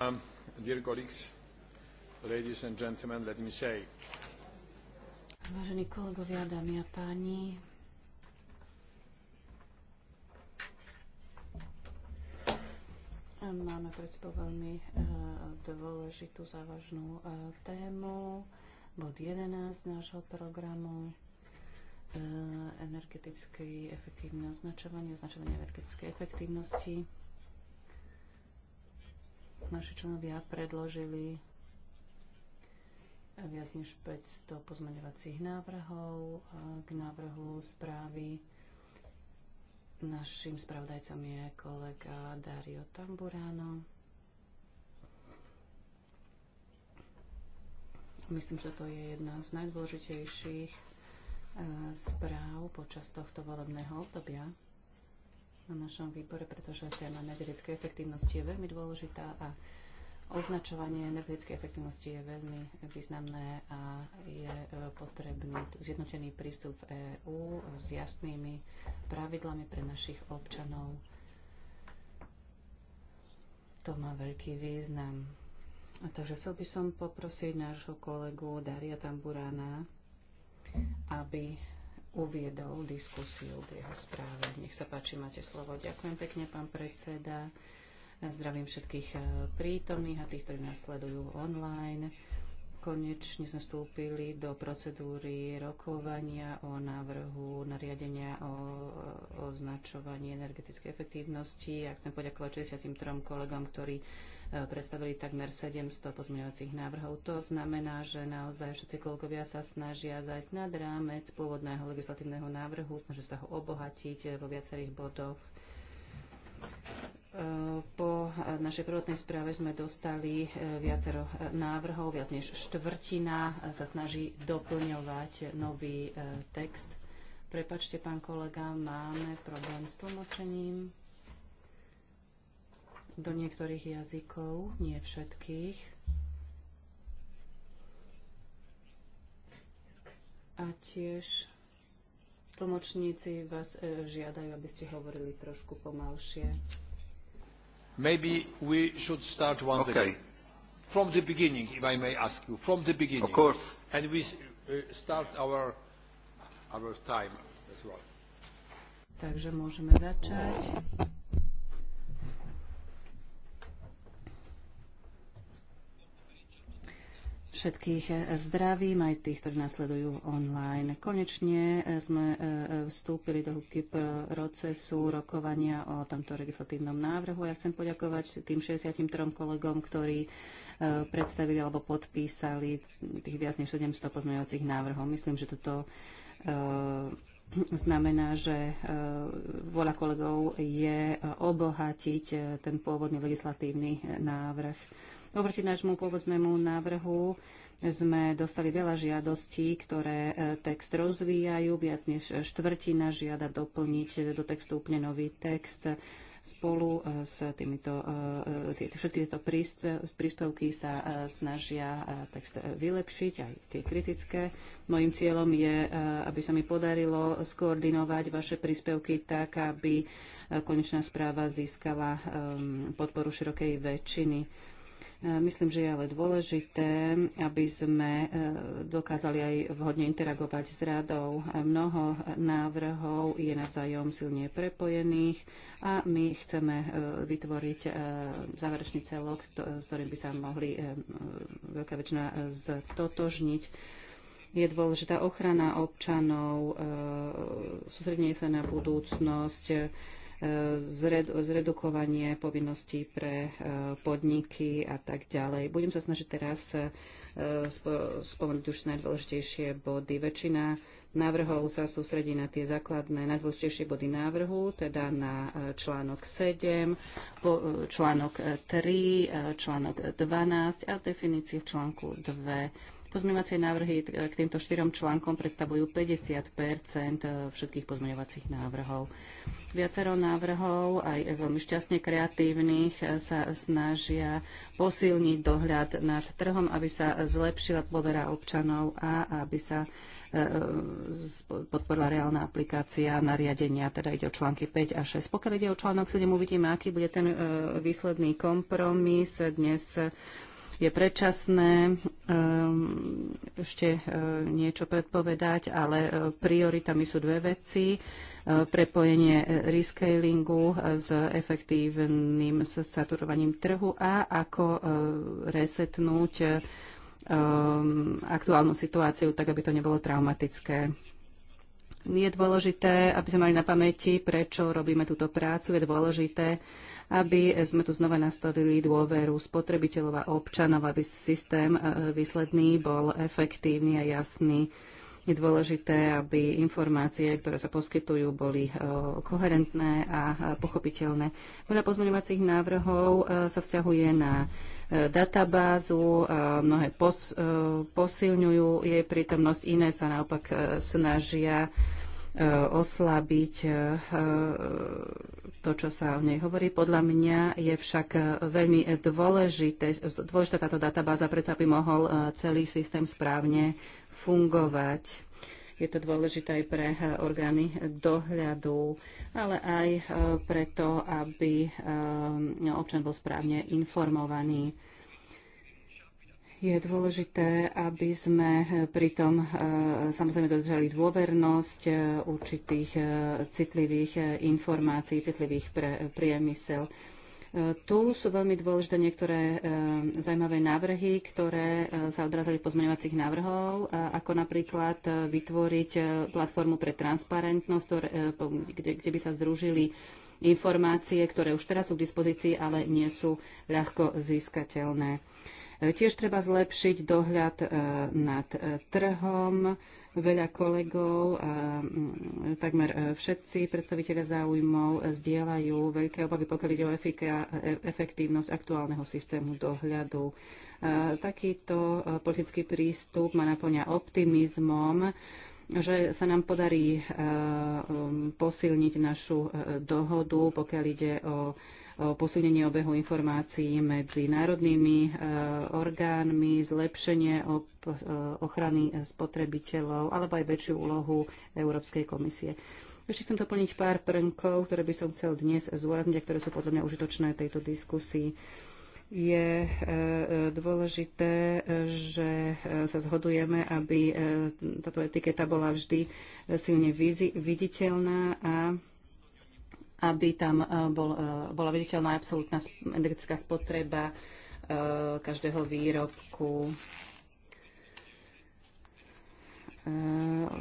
Um, Vážení kolegovia, dámy a páni, Máme pred sebou veľmi eh, dôležitú závažnú eh, tému, bod 11 nášho programu, uh, eh, energetické efektívne označovanie, označovanie energetickej efektívnosti naši členovia predložili viac než 500 pozmeňovacích návrhov k návrhu správy. Našim spravodajcom je kolega Dario Tamburano. Myslím, že to je jedna z najdôležitejších eh, správ počas tohto volebného obdobia na našom výbore, pretože téma energetickej efektivnosti je veľmi dôležitá a označovanie energetickej efektivnosti je veľmi významné a je e, potrebný zjednotený prístup v EÚ s jasnými pravidlami pre našich občanov. To má veľký význam. A takže chcel by som poprosiť nášho kolegu Daria Tamburána, aby uviedol diskusiu k jeho správe. Nech sa páči, máte slovo. Ďakujem pekne, pán predseda. Zdravím všetkých eh, prítomných a tých, ktorí nás sledujú online. Konečne sme vstúpili do procedúry rokovania o návrhu nariadenia o označovaní energetickej efektívnosti. Ja chcem poďakovať 63 kolegom, ktorí Eh, predstavili takmer 700 pozmeňovacích návrhov. To znamená, že naozaj všetci kolegovia sa snažia zajsť nad rámec pôvodného legislatívneho návrhu, snažia sa ho obohatiť eh, vo viacerých bodoch. Eh, po našej prvotnej správe sme dostali viacero návrhov, viac než štvrtina sa snaží doplňovať nový text. Prepačte, pán kolega, máme problém s tlmočením do niektorých jazykov, nie všetkých. A tiež tlmočníci vás e, žiadajú, aby ste hovorili trošku pomalšie. Maybe we should start once okay. again. From the beginning, if I may ask you, from the beginning. Of course. And we e, start our, our time as well. Takže môžeme začať. všetkých eh, zdravím, aj tých, ktorí nasledujú online. Konečne eh, sme eh, vstúpili do hudky procesu rokovania o tomto legislatívnom návrhu. Ja chcem poďakovať tým 63 kolegom, ktorí predstavili alebo podpísali tých viac než 700 pozmeňovacích návrhov. Myslím, že toto znamená, že voľa kolegov je obohatiť ten pôvodný legislatívny návrh Oproti nášmu pôvodnému návrhu sme dostali veľa žiadostí, ktoré e, text rozvíjajú. Viac než štvrtina žiada doplniť do textu úplne nový text spolu e, s týmito, e, všetky tieto príspevky sa snažia text vylepšiť, aj tie kritické. Mojím cieľom je, aby sa mi podarilo skoordinovať vaše príspevky tak, aby konečná správa získala podporu širokej väčšiny. E, myslím, že je ale dôležité, aby sme e, dokázali aj vhodne interagovať s radou. E, mnoho návrhov je navzájom silne prepojených a my chceme vytvoriť záverečný celok, s ktorým by sa mohli veľká väčšina ztotožniť je dôležitá ochrana občanov, sústredenie sa na budúcnosť, zredukovanie povinností pre e, podniky a tak ďalej. Budem sa snažiť teraz e, spomenúť už najdôležitejšie body. Väčšina návrhov sa sústredí na tie základné, najdôležitejšie body návrhu, teda na e, článok 7, článok 3, článok 12 a definície v článku 2 Pozmeňovacie návrhy k týmto štyrom článkom predstavujú 50 eh, všetkých pozmeňovacích návrhov. Viacero návrhov, aj veľmi šťastne kreatívnych, eh, sa snažia posilniť dohľad nad trhom, aby sa zlepšila dôvera občanov a aby sa eh, podporila reálna aplikácia nariadenia, teda ide o články 5 a 6. Pokiaľ ide o článok 7, uvidíme, aký bude ten výsledný kompromis. Dnes je predčasné ehm, ešte e, niečo predpovedať, ale e, prioritami sú dve veci. E, prepojenie rescalingu s efektívnym saturovaním trhu a ako resetnúť ehm, aktuálnu situáciu, tak aby to nebolo traumatické. Je dôležité, aby sme mali na pamäti, prečo robíme túto prácu. Je dôležité, aby sme tu znova nastavili dôveru spotrebiteľov a občanov, aby systém e, výsledný bol efektívny a jasný. Je dôležité, aby informácie, ktoré sa poskytujú, boli e, koherentné a pochopiteľné. Veľa pozmeňovacích návrhov e, sa vzťahuje na databázu, mnohé pos, posilňujú jej prítomnosť, iné sa naopak snažia E, oslabiť e, to, čo sa o nej hovorí. Podľa mňa je však veľmi dôležité, dôležitá táto databáza, preto aby mohol e, celý systém správne fungovať. Je to dôležité aj pre orgány dohľadu, ale aj preto, aby občan bol správne informovaný je dôležité, aby sme eh, pritom eh, samozrejme dodržali dôvernosť eh, určitých citlivých informácií, citlivých pre priemysel. Tu sú veľmi dôležité niektoré zaujímavé návrhy, ktoré sa odrazili pozmeňovacích návrhov, ako napríklad vytvoriť platformu pre transparentnosť, kde by sa združili informácie, ktoré už teraz sú k dispozícii, ale nie sú ľahko získateľné. Tiež treba zlepšiť dohľad e, nad e, trhom. Veľa kolegov, e, takmer všetci predstaviteľe záujmov zdieľajú veľké obavy, pokiaľ ide o efektívnosť aktuálneho systému dohľadu. Takýto politický prístup ma naplňa optimizmom že sa nám podarí posilniť našu dohodu, pokiaľ ide o o posilnenie obehu informácií medzi národnými e, orgánmi, zlepšenie e, ochrany e, spotrebiteľov alebo aj väčšiu úlohu Európskej komisie. Ešte chcem doplniť pár prnkov, ktoré by som chcel dnes zúrazniť a ktoré sú podľa mňa užitočné tejto diskusii. Je dôležité, že sa zhodujeme, aby táto etiketa bola vždy silne viditeľná a aby tam e, bol, e, bola viditeľná absolútna energetická spotreba e, každého výrobku.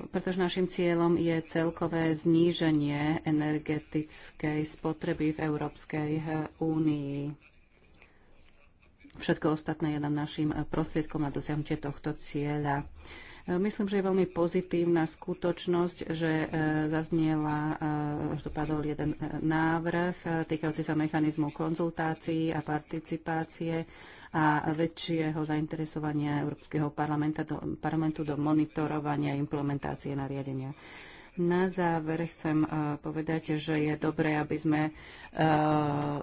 Pretože našim cieľom je celkové zníženie energetickej spotreby v Európskej únii. Všetko ostatné je nám našim prostriedkom na dosiahnutie tohto cieľa. E, myslím, že je veľmi pozitívna skutočnosť, že e, zazniela, e, že tu padol jeden návrh týkajúci sa mechanizmu konzultácií a participácie a väčšieho zainteresovania Európskeho do, parlamentu do monitorovania implementácie nariadenia. Na záver chcem povedať, že je dobré, aby sme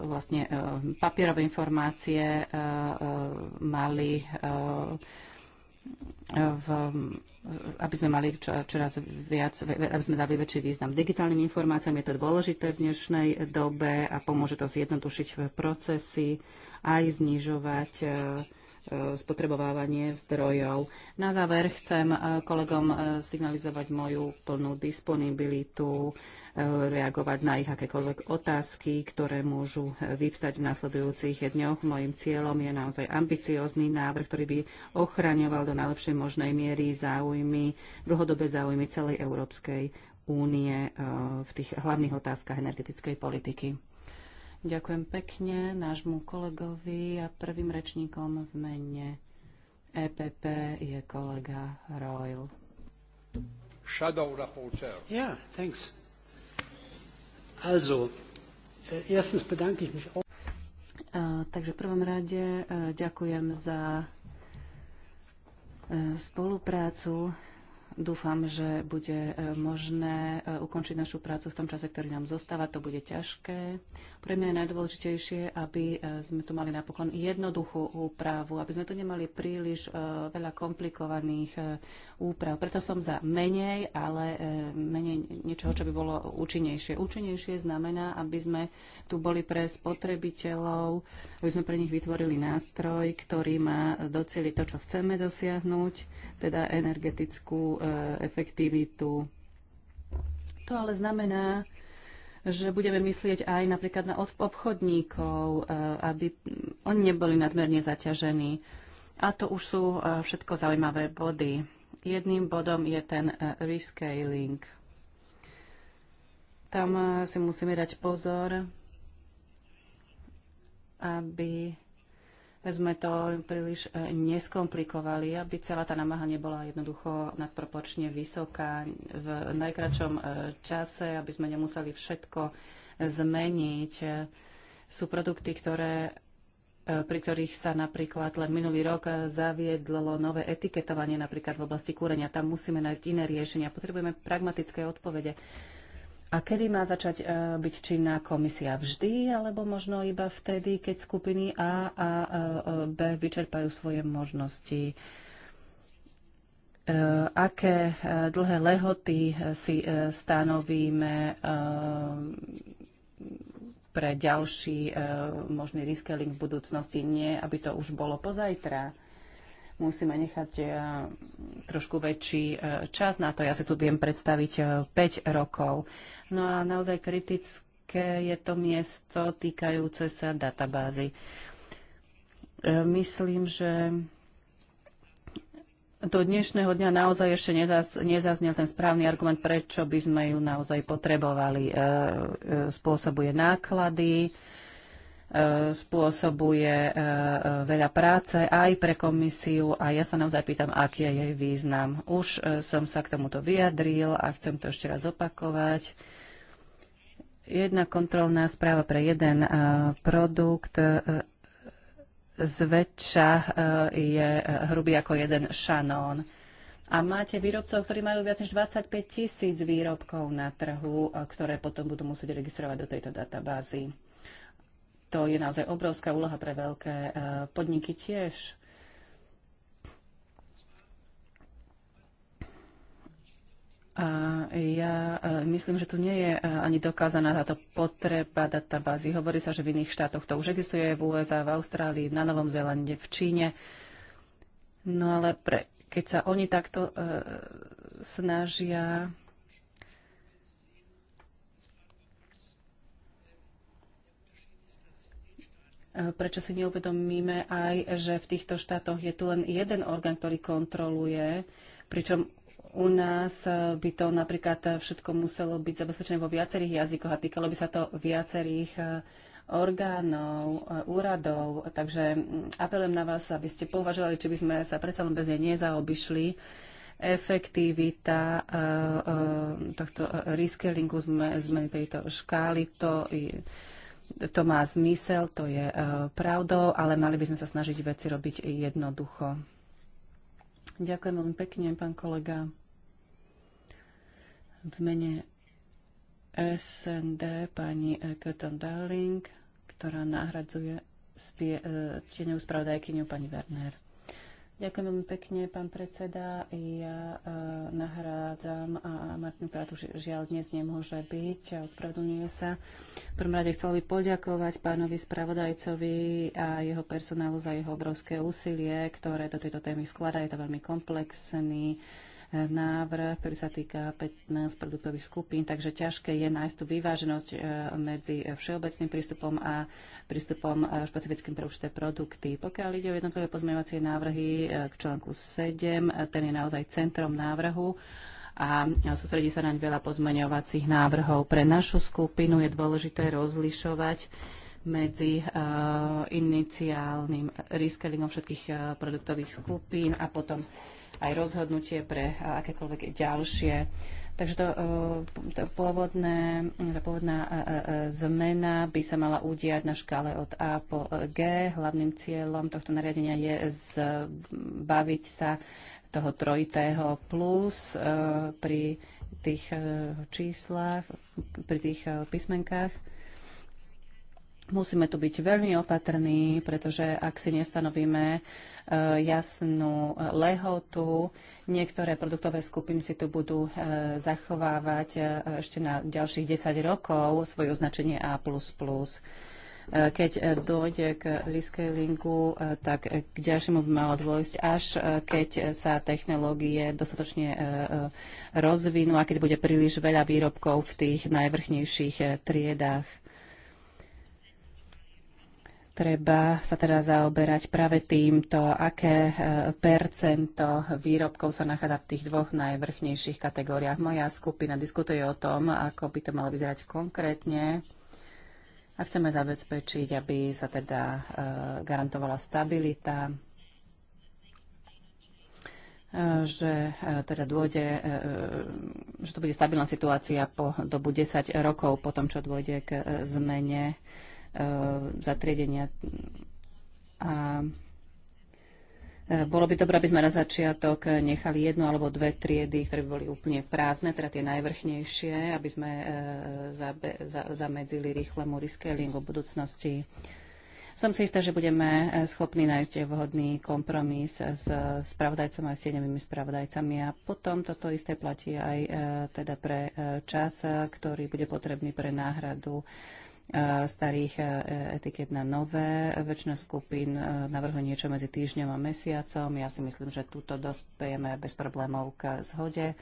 vlastne papierové informácie mali v, aby sme mali čoraz viac, aby sme dali väčší význam digitálnym informáciám. Je to dôležité v dnešnej dobe a pomôže to zjednodušiť procesy, aj znižovať E, spotrebovávanie zdrojov. Na záver chcem e, kolegom e, signalizovať moju plnú disponibilitu, reagovať na ich akékoľvek otázky, ktoré môžu vyvstať v nasledujúcich dňoch. Mojím cieľom je naozaj ambiciózny návrh, ktorý by ochraňoval do najlepšej možnej miery záujmy, dlhodobé záujmy celej Európskej únie v tých hlavných otázkach energetickej politiky. Ďakujem pekne nášmu kolegovi a prvým rečníkom v mene EPP je kolega Royal. Shadow Rapporteur. Ja, yeah, thanks. Also, äh, erstens bedanke ich mich auch. Äh, takže v prvom rade äh, ďakujem za spoluprácu Dúfam, že bude e, možné e, ukončiť našu prácu v tom čase, ktorý nám zostáva. To bude ťažké. Pre mňa je najdôležitejšie, aby e, sme tu mali napokon jednoduchú úpravu, aby sme tu nemali príliš veľa komplikovaných úprav. Preto som za menej, ale menej niečoho, čo by bolo účinnejšie. Účinnejšie znamená, aby sme tu boli pre spotrebiteľov, aby sme pre nich vytvorili nástroj, ktorý má docieliť to, čo chceme dosiahnuť, teda energetickú efektivitu. To ale znamená, že budeme myslieť aj napríklad na obchodníkov, e, aby oni neboli nadmerne zaťažení. A to už sú e, všetko zaujímavé body. Jedným bodom je ten e, rescaling. Tam si musíme dať pozor, aby sme to príliš e, neskomplikovali, aby celá tá námaha nebola jednoducho nadproporčne vysoká v najkračom e, čase, aby sme nemuseli všetko e, zmeniť. Sú produkty, ktoré, pri ktorých sa napríklad len minulý rok zaviedlo nové etiketovanie napríklad v oblasti kúrenia. Tam musíme nájsť iné riešenia. Potrebujeme pragmatické odpovede. A kedy má začať e, byť činná komisia? Vždy, alebo možno iba vtedy, keď skupiny A a e, B vyčerpajú svoje možnosti? E, aké dlhé lehoty si stanovíme pre ďalší možný reskilling v budúcnosti? Nie, aby to už bolo pozajtra musíme nechať e, trošku väčší e, čas na to. Ja si tu viem predstaviť 5 e, rokov. No a naozaj kritické je to miesto týkajúce sa databázy. Myslím, že do dnešného dňa naozaj ešte nezaz, nezaznel ten správny argument, prečo by sme ju naozaj potrebovali. E, e, spôsobuje náklady, spôsobuje e, e, veľa práce aj pre komisiu a ja sa naozaj pýtam, aký je jej význam. Už e, som sa k tomuto vyjadril a chcem to ešte raz opakovať. Jedna kontrolná správa pre jeden produkt zväčša je hrubý ako jeden šanón. A máte výrobcov, ktorí majú viac než 25 tisíc výrobkov na trhu, ktoré potom budú musieť registrovať do tejto databázy to je naozaj obrovská úloha pre veľké eh, podniky tiež. A ja eh, myslím, že tu nie je eh, ani dokázaná táto potreba databázy. Hovorí sa, že v iných štátoch to už existuje, v USA, v Austrálii, na Novom Zélande, v Číne. No ale pre, keď sa oni takto uh, snažia prečo si neuvedomíme aj, že v týchto štátoch je tu len jeden orgán, ktorý kontroluje, pričom u nás by to napríklad všetko muselo byť zabezpečené vo viacerých jazykoch a týkalo by sa to viacerých e, orgánov, e, úradov. Takže apelujem na vás, aby ste považovali, či by sme sa predsa len bez nej nezaobišli. Efektivita e, tohto reskillingu zmeny tejto škály, to je to má zmysel, to je e, pravdou, ale mali by sme sa snažiť veci robiť jednoducho. Ďakujem veľmi pekne, pán kolega. V mene SND pani e, Curtin Darling, ktorá nahradzuje e, tieňovú spravodajkyňu pani Werner. Ďakujem veľmi pekne, pán predseda. Ja uh, nahrádzam a Martin, ktorá tu žiaľ dnes nemôže byť a ospravedlňuje sa. V prvom rade chcel by poďakovať pánovi spravodajcovi a jeho personálu za jeho obrovské úsilie, ktoré do tejto témy vkladá. Je to veľmi komplexný návrh, ktorý sa týka 15 produktových skupín, takže ťažké je nájsť tú vyváženosť e, medzi všeobecným prístupom a prístupom e, špecifickým pre určité produkty. Pokiaľ ide o jednotlivé pozmeňovacie návrhy e, k článku 7, ten je naozaj centrom návrhu a sústredí sa naň veľa pozmeňovacích návrhov. Pre našu skupinu je dôležité rozlišovať medzi uh, iniciálnym reskalingom všetkých uh, produktových skupín a potom aj rozhodnutie pre e, akékoľvek ďalšie. Takže to, e, to pôvodné, tá pôvodná e, zmena by sa mala udiať na škále od A po G. Hlavným cieľom tohto nariadenia je zbaviť sa toho trojitého plus pri tých číslach, pri tých písmenkách. Musíme tu byť veľmi opatrní, pretože ak si nestanovíme e, jasnú lehotu, niektoré produktové skupiny si tu budú e, zachovávať e, ešte na ďalších 10 rokov svoje označenie A++. Keď dojde k rescalingu, tak k ďalšiemu by malo dôjsť, až keď sa technológie dostatočne rozvinú a keď bude príliš veľa výrobkov v tých najvrchnejších triedách Treba sa teda zaoberať práve týmto, aké e, percento výrobkov sa nachádza v tých dvoch najvrchnejších kategóriách. Moja skupina diskutuje o tom, ako by to malo vyzerať konkrétne a chceme zabezpečiť, aby sa teda e, garantovala stabilita e, že teda dôjde, že to bude stabilná situácia po dobu 10 rokov po tom, čo dôjde k zmene Eh, zatriedenia. A eh, bolo by dobré, aby sme na začiatok nechali jednu alebo dve triedy, ktoré by boli úplne prázdne, teda tie najvrchnejšie, aby sme eh, zamedzili rýchlemu rescalingu v budúcnosti. Som si istá, že budeme schopní nájsť vhodný kompromis s spravodajcami a s sieňovými spravodajcami a potom toto isté platí aj teda pre čas, ktorý bude potrebný pre náhradu E, starých e, etiket na nové. Väčšina skupín e, navrhuje niečo medzi týždňom a mesiacom. Ja si myslím, že túto dospejeme bez problémov k zhode.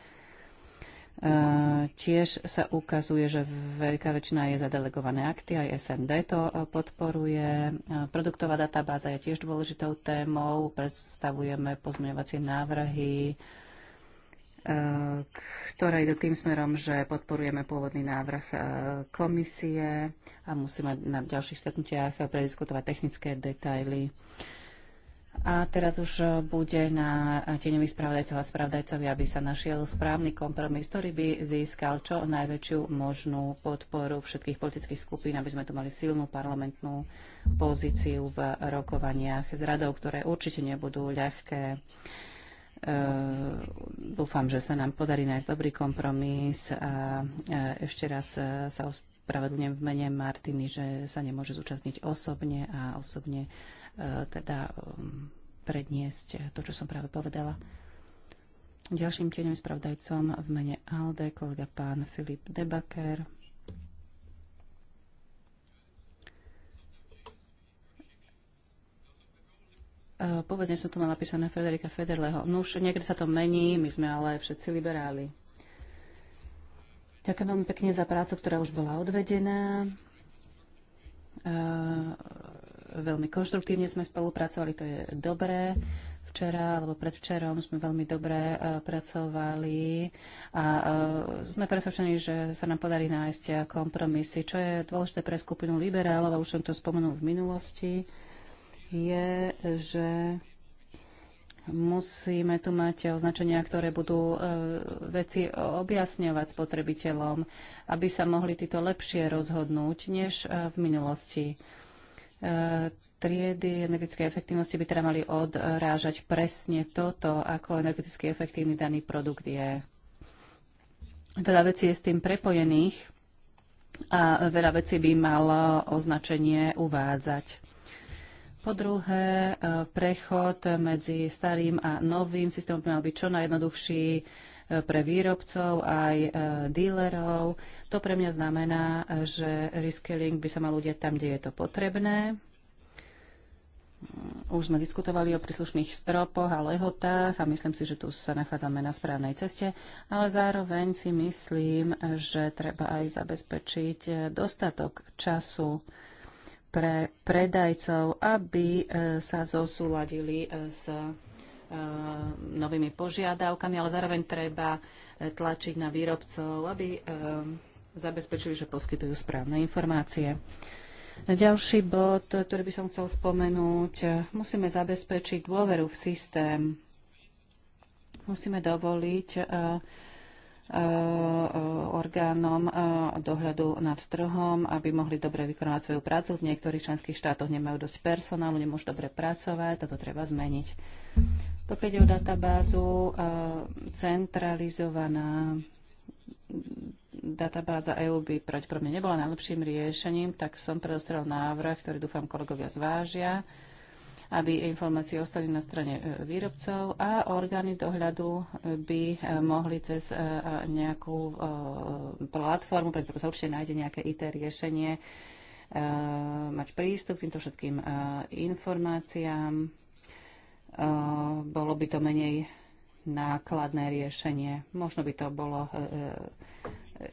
Tiež sa ukazuje, že veľká väčšina je za delegované akty, aj SND to podporuje. Produktová databáza je tiež dôležitou témou, predstavujeme pozmeňovacie návrhy, ktoré idú tým smerom, že podporujeme pôvodný návrh e, komisie a musíme na ďalších stretnutiach prediskutovať technické detaily. A teraz už bude na tieňových spravodajcov a spravodajcovi, aby sa našiel správny kompromis, ktorý by získal čo najväčšiu možnú podporu všetkých politických skupín, aby sme tu mali silnú parlamentnú pozíciu v rokovaniach s radou, ktoré určite nebudú ľahké. Eh, dúfam, že sa nám podarí nájsť dobrý kompromis a eh, ešte raz eh, sa ospravedlňujem v mene Martiny, že sa nemôže zúčastniť osobne a osobne teda predniesť to, čo som práve povedala. Ďalším tieňom spravdajcom v mene ALDE kolega pán Filip Debaker. E, pôvodne som tu mala napísané Frederika Federleho. No už niekde sa to mení, my sme ale všetci liberáli. Ďakujem veľmi pekne za prácu, ktorá už bola odvedená. E, veľmi konštruktívne sme spolupracovali, to je dobré včera alebo predvčerom sme veľmi dobre e, pracovali a sme presvedčení, že sa nám podarí nájsť kompromisy, čo je dôležité pre skupinu liberálov a už som to spomenul v minulosti je, že musíme tu mať označenia, ktoré budú e, veci objasňovať spotrebiteľom, aby sa mohli títo lepšie rozhodnúť než e, v minulosti. E, triedy energetickej efektivnosti by teda mali odrážať presne toto, ako energeticky efektívny daný produkt je. Veľa vecí je s tým prepojených a veľa vecí by malo označenie uvádzať. Po druhé, e, prechod medzi starým a novým systémom by mal byť čo najjednoduchší e, pre výrobcov aj e, dílerov. To pre mňa znamená, že reskilling by sa mal udiať tam, kde je to potrebné. Mm, už sme diskutovali o príslušných stropoch a lehotách a myslím si, že tu sa nachádzame na správnej ceste, ale zároveň si myslím, že treba aj zabezpečiť dostatok času pre predajcov, aby e, sa zosúladili e, s e, novými požiadavkami, ale zároveň treba tlačiť na výrobcov, aby zabezpečili, že poskytujú správne informácie. Ďalší bod, ktorý by som chcel spomenúť, musíme zabezpečiť dôveru v systém. Musíme dovoliť E, e, orgánom e, dohľadu nad trhom, aby mohli dobre vykonávať svoju prácu. V niektorých členských štátoch nemajú dosť personálu, nemôžu dobre pracovať, toto treba zmeniť. Pokiaľ ide o databázu, centralizovaná databáza EU by pravdepodobne nebola najlepším riešením, tak som predostrel návrh, ktorý dúfam kolegovia zvážia aby informácie ostali na strane e, výrobcov a orgány dohľadu e, by e, mohli cez nejakú platformu, pretože sa určite nájde nejaké IT riešenie, mať prístup k týmto všetkým informáciám. Bolo by to menej nákladné riešenie. Možno by to bolo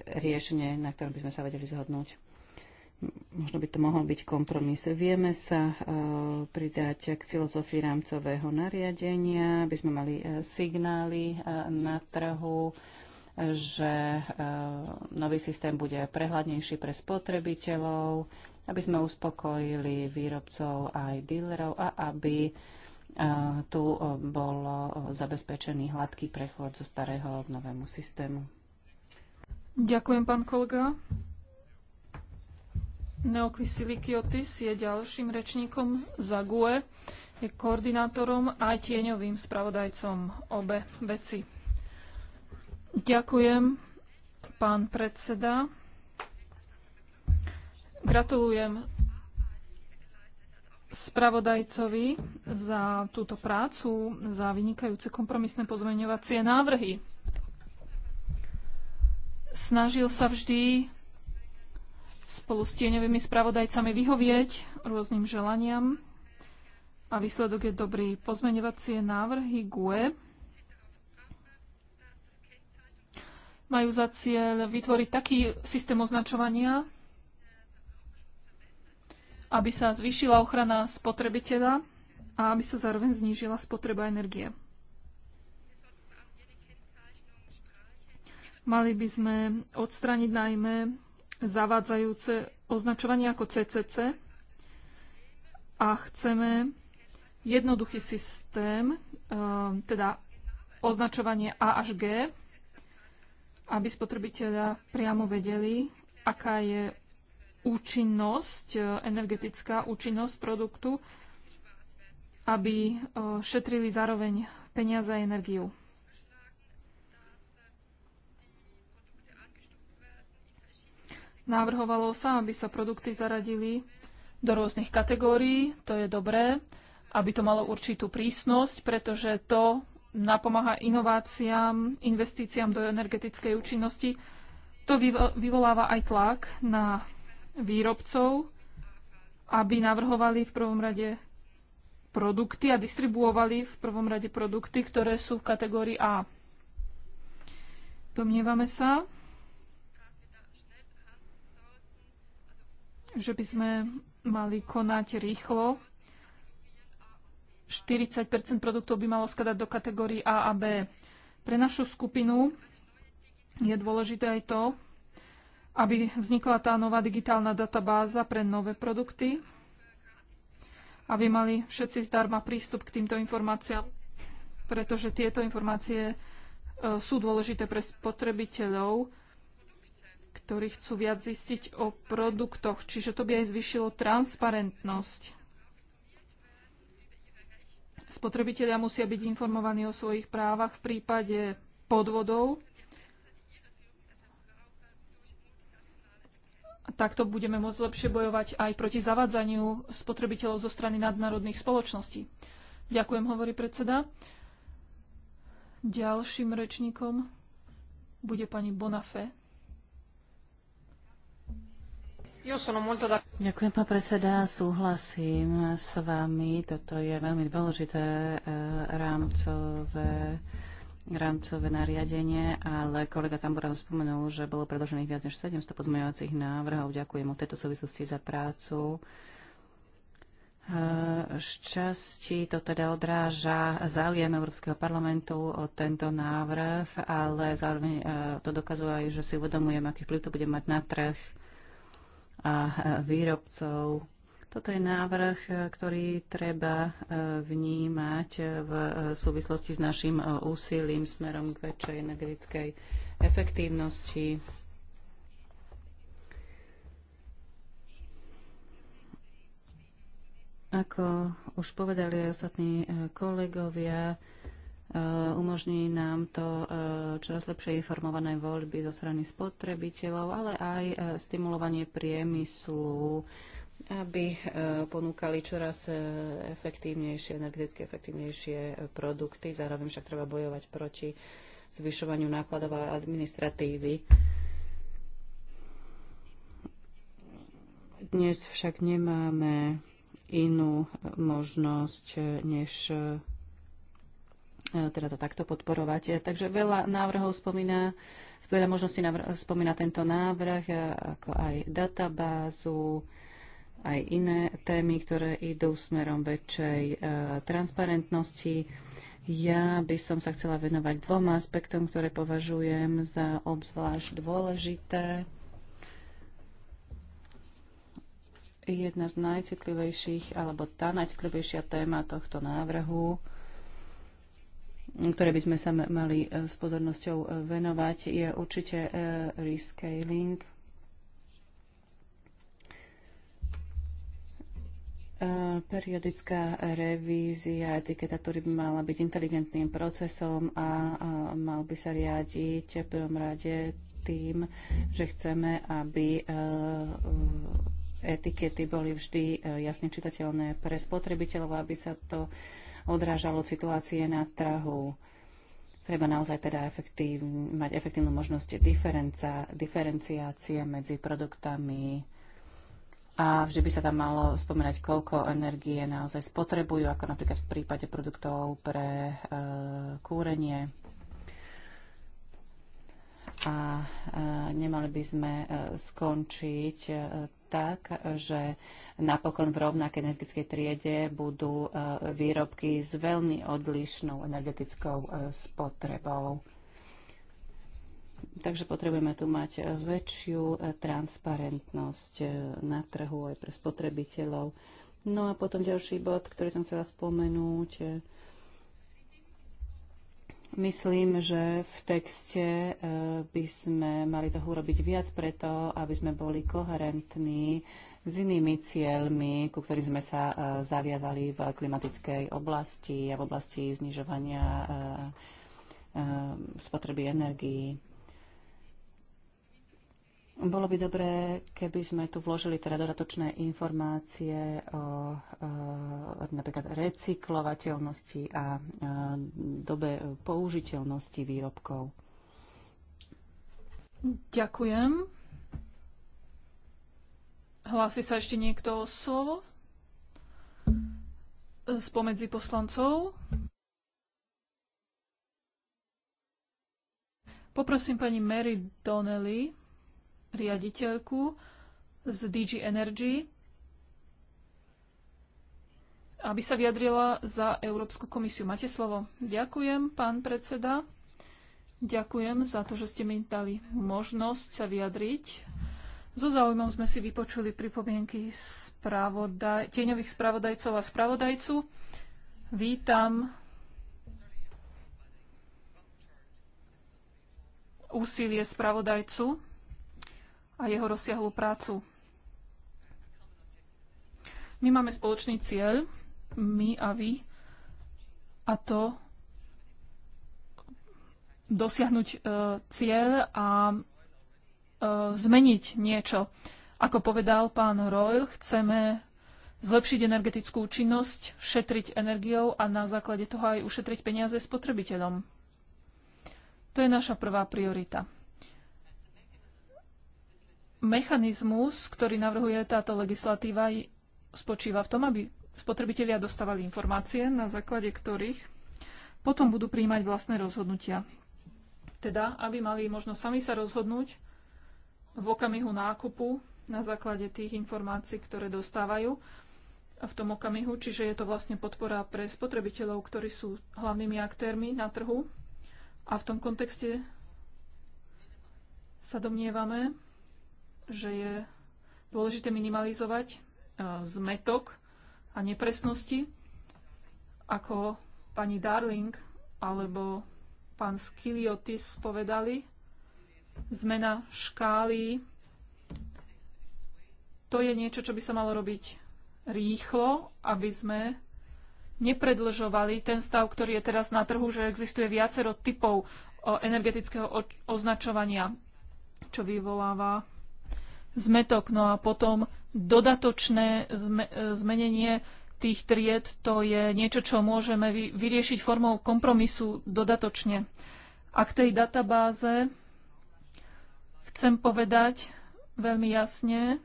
riešenie, na ktorom by sme sa vedeli zhodnúť možno by to mohol byť kompromis. Vieme sa e, pridať k filozofii rámcového nariadenia, aby sme mali e, signály e, na trhu, že nový systém bude prehľadnejší pre spotrebiteľov, aby sme uspokojili výrobcov aj dílerov a aby tu bol zabezpečený hladký prechod zo starého k novému systému. Ďakujem, pán kolega. Neokvisilikiotis je ďalším rečníkom za GUE, je koordinátorom a tieňovým spravodajcom obe veci. Ďakujem, pán predseda. Gratulujem spravodajcovi za túto prácu, za vynikajúce kompromisné pozmeňovacie návrhy. Snažil sa vždy spolu s tieňovými spravodajcami vyhovieť rôznym želaniam a výsledok je dobrý. Pozmeňovacie návrhy GUE majú za cieľ vytvoriť taký systém označovania, aby sa zvýšila ochrana spotrebiteľa a aby sa zároveň znížila spotreba energie. Mali by sme odstraniť najmä zavádzajúce označovanie ako CCC a chceme jednoduchý systém, e, teda označovanie A až G, aby spotrebiteľa priamo vedeli, aká je účinnosť, e, energetická účinnosť produktu, aby e, šetrili zároveň peniaze a energiu. Navrhovalo sa, aby sa produkty zaradili do rôznych kategórií, to je dobré, aby to malo určitú prísnosť, pretože to napomáha inováciám, investíciám do energetickej účinnosti. To vyvoláva aj tlak na výrobcov, aby navrhovali v prvom rade produkty a distribuovali v prvom rade produkty, ktoré sú v kategórii A. Domnievame sa, že by sme mali konať rýchlo. 40 produktov by malo skadať do kategórií A a B. Pre našu skupinu je dôležité aj to, aby vznikla tá nová digitálna databáza pre nové produkty, aby mali všetci zdarma prístup k týmto informáciám, pretože tieto informácie e, sú dôležité pre spotrebiteľov ktorí chcú viac zistiť o produktoch, čiže to by aj zvyšilo transparentnosť. Spotrebitelia musia byť informovaní o svojich právach v prípade podvodov. Takto budeme môcť lepšie bojovať aj proti zavadzaniu spotrebiteľov zo strany nadnárodných spoločností. Ďakujem, hovorí predseda. Ďalším rečníkom bude pani Bonafé. Ďakujem, pán predseda. Súhlasím s vami. Toto je veľmi dôležité e, rámcové rámcové nariadenie, ale kolega Tambora spomenul, že bolo predložených viac než 700 pozmeňovacích návrhov. Ďakujem mu tejto súvislosti za prácu. Šťastí e, to teda odráža záujem Európskeho parlamentu o tento návrh, ale zároveň e, to dokazuje aj, že si uvedomujem, aký vplyv to bude mať na trh a výrobcov. Toto je návrh, ktorý treba e, vnímať v e, súvislosti s našim e, úsilím smerom k väčšej energetickej efektívnosti. Ako už povedali aj ostatní kolegovia, Eh, umožní nám to eh, čoraz lepšie informované voľby zo strany spotrebiteľov, ale aj eh, stimulovanie priemyslu, aby ponúkali čoraz efektívnejšie, energeticky efektívnejšie produkty. Zároveň však treba bojovať proti zvyšovaniu nákladov a administratívy. Dnes však nemáme inú možnosť, než E, teda to takto podporovať. E, takže veľa návrhov spomína, veľa možností spomína tento návrh, e, ako aj databázu, aj iné témy, ktoré idú smerom väčšej transparentnosti. Ja by som sa chcela venovať dvom aspektom, ktoré považujem za obzvlášť dôležité. Jedna z najcitlivejších, alebo tá najcitlivejšia téma tohto návrhu ktoré by sme sa mali e, s pozornosťou e, venovať, je určite e, rescaling. Periodická revízia etiketa, ktorý by mala byť inteligentným procesom a mal by sa riadiť v prvom rade tým, že chceme, aby etikety boli vždy jasne čitateľné pre spotrebiteľov, aby sa to odrážalo situácie na trhu. Treba naozaj teda efektív, mať efektívnu možnosť diferenciácie medzi produktami a vždy by sa tam malo spomenať, koľko energie naozaj spotrebujú, ako napríklad v prípade produktov pre e, kúrenie. A e, nemali by sme e, skončiť e, tak, že napokon v rovnakej energetickej triede budú e, výrobky s veľmi odlišnou energetickou e, spotrebou. Takže potrebujeme tu mať väčšiu e, transparentnosť na trhu aj pre spotrebiteľov. No a potom ďalší bod, ktorý som chcela spomenúť, Myslím, že v texte e, by sme mali toho urobiť viac preto, aby sme boli koherentní s inými cieľmi, ku ktorým sme sa e, zaviazali v klimatickej oblasti a v oblasti znižovania e, spotreby energii. Bolo by dobré, keby sme tu vložili teda dodatočné informácie o e, napríklad recyklovateľnosti a e, dobe použiteľnosti výrobkov. Ďakujem. Hlási sa ešte niekto o slovo? Spomedzi poslancov? Poprosím pani Mary Donnelly, riaditeľku z DG Energy, aby sa vyjadrila za Európsku komisiu. Máte slovo. Ďakujem, pán predseda. Ďakujem za to, že ste mi dali možnosť sa vyjadriť. So záujmom sme si vypočuli pripomienky spravodaj- tieňových spravodajcov a spravodajcu. Vítam úsilie spravodajcu a jeho rozsiahlú prácu. My máme spoločný cieľ, my a vy, a to dosiahnuť e, cieľ a e, zmeniť niečo. Ako povedal pán Royl, chceme zlepšiť energetickú účinnosť, šetriť energiou a na základe toho aj ušetriť peniaze spotrebiteľom. To je naša prvá priorita. Mechanizmus, ktorý navrhuje táto legislatíva, spočíva v tom, aby spotrebitelia dostávali informácie, na základe ktorých potom budú príjmať vlastné rozhodnutia. Teda, aby mali možnosť sami sa rozhodnúť v okamihu nákupu na základe tých informácií, ktoré dostávajú v tom okamihu, čiže je to vlastne podpora pre spotrebiteľov, ktorí sú hlavnými aktérmi na trhu. A v tom kontexte sa domnievame, že je dôležité minimalizovať e, zmetok a nepresnosti, ako pani Darling alebo pán Skiliotis povedali. Zmena škály to je niečo, čo by sa malo robiť rýchlo, aby sme nepredlžovali ten stav, ktorý je teraz na trhu, že existuje viacero typov e, energetického označovania, čo vyvoláva zmetok. No a potom dodatočné zmenenie tých tried, to je niečo, čo môžeme vyriešiť formou kompromisu dodatočne. A k tej databáze chcem povedať veľmi jasne,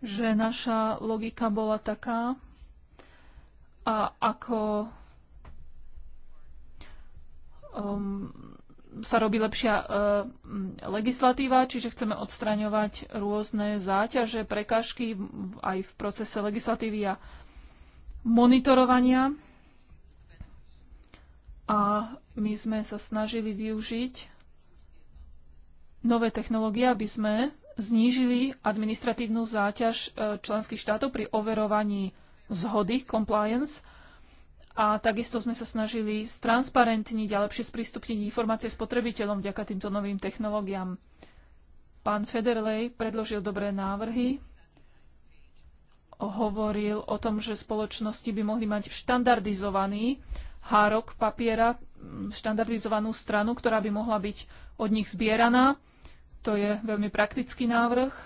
že naša logika bola taká, a ako um, sa robí lepšia e, legislatíva, čiže chceme odstraňovať rôzne záťaže, prekážky aj v procese legislatívy a monitorovania. A my sme sa snažili využiť nové technológie, aby sme znížili administratívnu záťaž e, členských štátov pri overovaní zhody, compliance, a takisto sme sa snažili stransparentniť a lepšie sprístupniť informácie spotrebiteľom vďaka týmto novým technológiám. Pán Federley predložil dobré návrhy, hovoril o tom, že spoločnosti by mohli mať štandardizovaný hárok papiera, štandardizovanú stranu, ktorá by mohla byť od nich zbieraná. To je veľmi praktický návrh.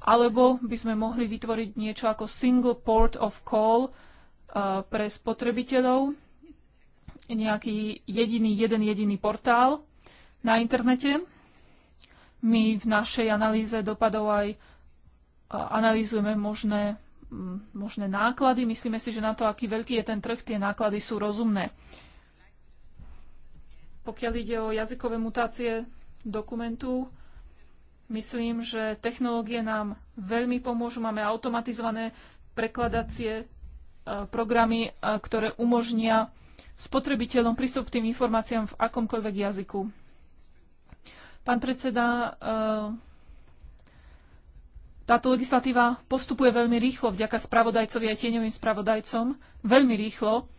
Alebo by sme mohli vytvoriť niečo ako single port of call, Eh, pre spotrebiteľov nejaký jediný, jeden jediný portál na internete. My v našej analýze dopadov aj eh, analýzujeme možné, možné náklady. Myslíme si, že na to, aký veľký je ten trh, tie náklady sú rozumné. Pokiaľ ide o jazykové mutácie dokumentu, myslím, že technológie nám veľmi pomôžu. Máme automatizované prekladacie E, programy, e, ktoré umožnia spotrebiteľom prístup k tým informáciám v akomkoľvek jazyku. Pán predseda, e, táto legislatíva postupuje veľmi rýchlo vďaka spravodajcovi a tieňovým spravodajcom. Veľmi rýchlo.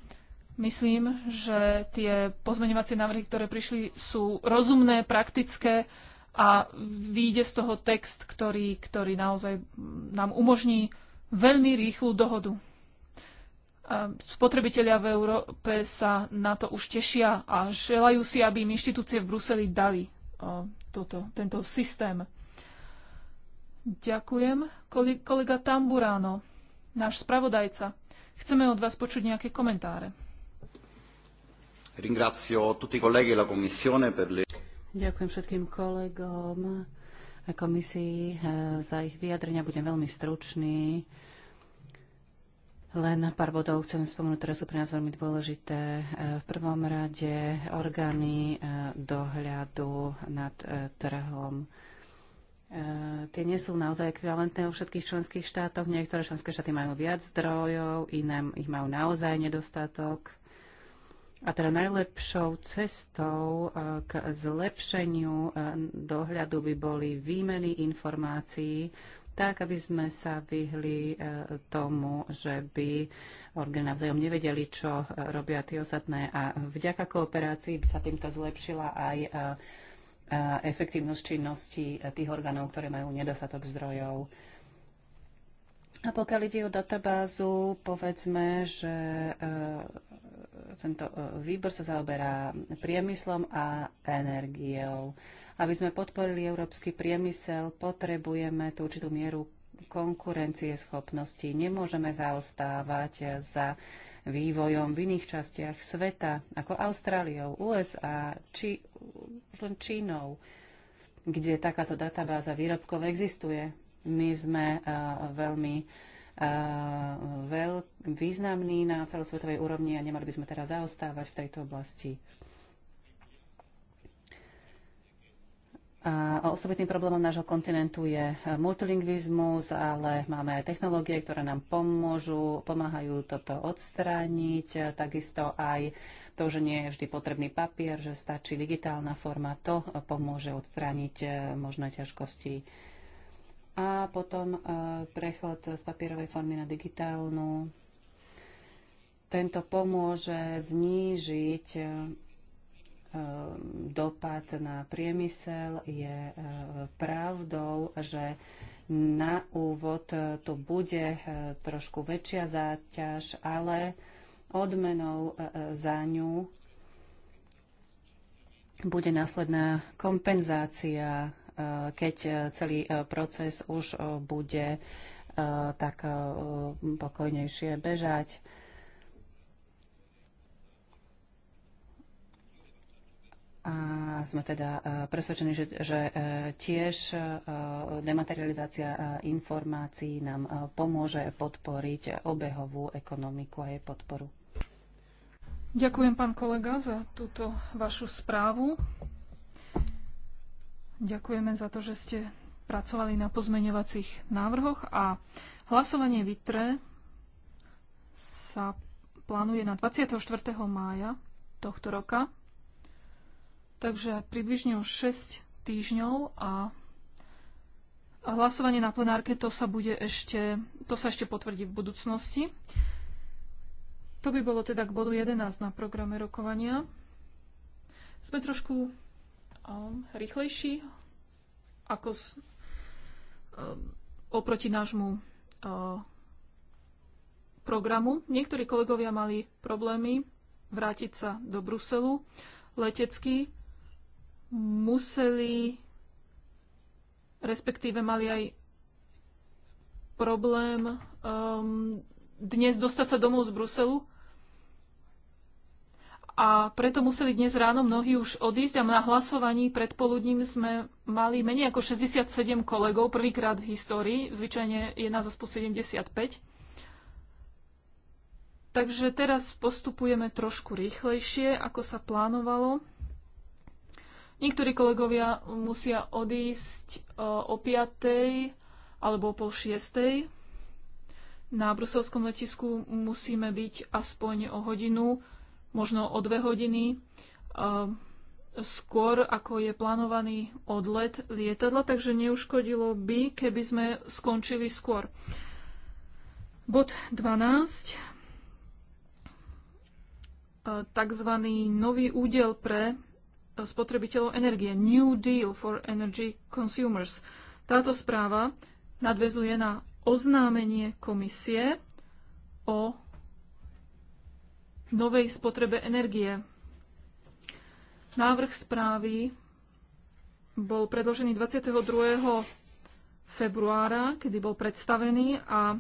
Myslím, že tie pozmeňovacie návrhy, ktoré prišli, sú rozumné, praktické a vyjde z toho text, ktorý, ktorý naozaj nám umožní veľmi rýchlu dohodu. Spotrebitelia v Európe sa na to už tešia a želajú si, aby im inštitúcie v Bruseli dali toto, tento systém. Ďakujem. Kolega Tamburáno, náš spravodajca. Chceme od vás počuť nejaké komentáre. E Ďakujem všetkým kolegom a komisii eh, za ich vyjadrenia. Budem veľmi stručný. Len pár bodov chcem spomenúť, ktoré sú pre nás veľmi dôležité. E, v prvom rade orgány e, dohľadu nad e, trhom. Tie nie sú naozaj ekvivalentné vo všetkých členských štátoch. Niektoré členské štáty majú viac zdrojov, iné ich majú naozaj nedostatok. A teda najlepšou cestou k zlepšeniu dohľadu by boli výmeny informácií tak aby sme sa vyhli e, tomu, že by orgány navzájom nevedeli, čo e, robia tie ostatné. A vďaka kooperácii by sa týmto zlepšila aj e, efektívnosť činnosti tých orgánov, ktoré majú nedostatok zdrojov. A pokiaľ ide o databázu, povedzme, že tento výbor sa zaoberá priemyslom a energiou. Aby sme podporili európsky priemysel, potrebujeme tú určitú mieru konkurencie schopnosti. Nemôžeme zaostávať za vývojom v iných častiach sveta, ako Austráliou, USA, či už len Čínou, kde takáto databáza výrobkov existuje. My sme uh, veľmi uh, veľ, významní na celosvetovej úrovni a nemali by sme teraz zaostávať v tejto oblasti. A osobitným problémom nášho kontinentu je e, multilingvizmus, ale máme aj technológie, ktoré nám pomôžu, pomáhajú toto odstrániť. E, takisto aj to, že nie je vždy potrebný papier, že stačí digitálna forma, to pomôže odstrániť e, možné ťažkosti. A potom prechod z papierovej formy na digitálnu. Tento pomôže znížiť Ehm, dopad na priemysel. Je ehm, pravdou, že na úvod e, to bude e, trošku väčšia záťaž, ale odmenou e, za ňu bude následná kompenzácia, keď celý proces už bude tak pokojnejšie bežať. A sme teda e, presvedčení, že, že e, tiež e, dematerializácia informácií nám pomôže podporiť obehovú ekonomiku a jej podporu. Ďakujem, pán kolega, za túto vašu správu. Ďakujeme za to, že ste pracovali na pozmeňovacích návrhoch a hlasovanie VITRE sa plánuje na 24. mája tohto roka Takže približne už 6 týždňov a hlasovanie na plenárke to sa bude ešte, to sa ešte potvrdí v budúcnosti. To by bolo teda k bodu 11 na programe rokovania. Sme trošku um, rýchlejší ako z, um, oproti nášmu uh, programu. Niektorí kolegovia mali problémy vrátiť sa do Bruselu letecky museli, respektíve mali aj problém um, dnes dostať sa domov z Bruselu. A preto museli dnes ráno mnohí už odísť a na hlasovaní predpoludním sme mali menej ako 67 kolegov, prvýkrát v histórii, zvyčajne je nás aspoň 75. Takže teraz postupujeme trošku rýchlejšie, ako sa plánovalo. Niektorí kolegovia musia odísť e, o 5. alebo o pol 6. Na bruselskom letisku musíme byť aspoň o hodinu, možno o dve hodiny e, skôr, ako je plánovaný odlet lietadla, takže neuškodilo by, keby sme skončili skôr. Bod 12. E, takzvaný nový údel pre spotrebiteľov energie. New Deal for Energy Consumers. Táto správa nadvezuje na oznámenie komisie o novej spotrebe energie. Návrh správy bol predložený 22. februára, kedy bol predstavený a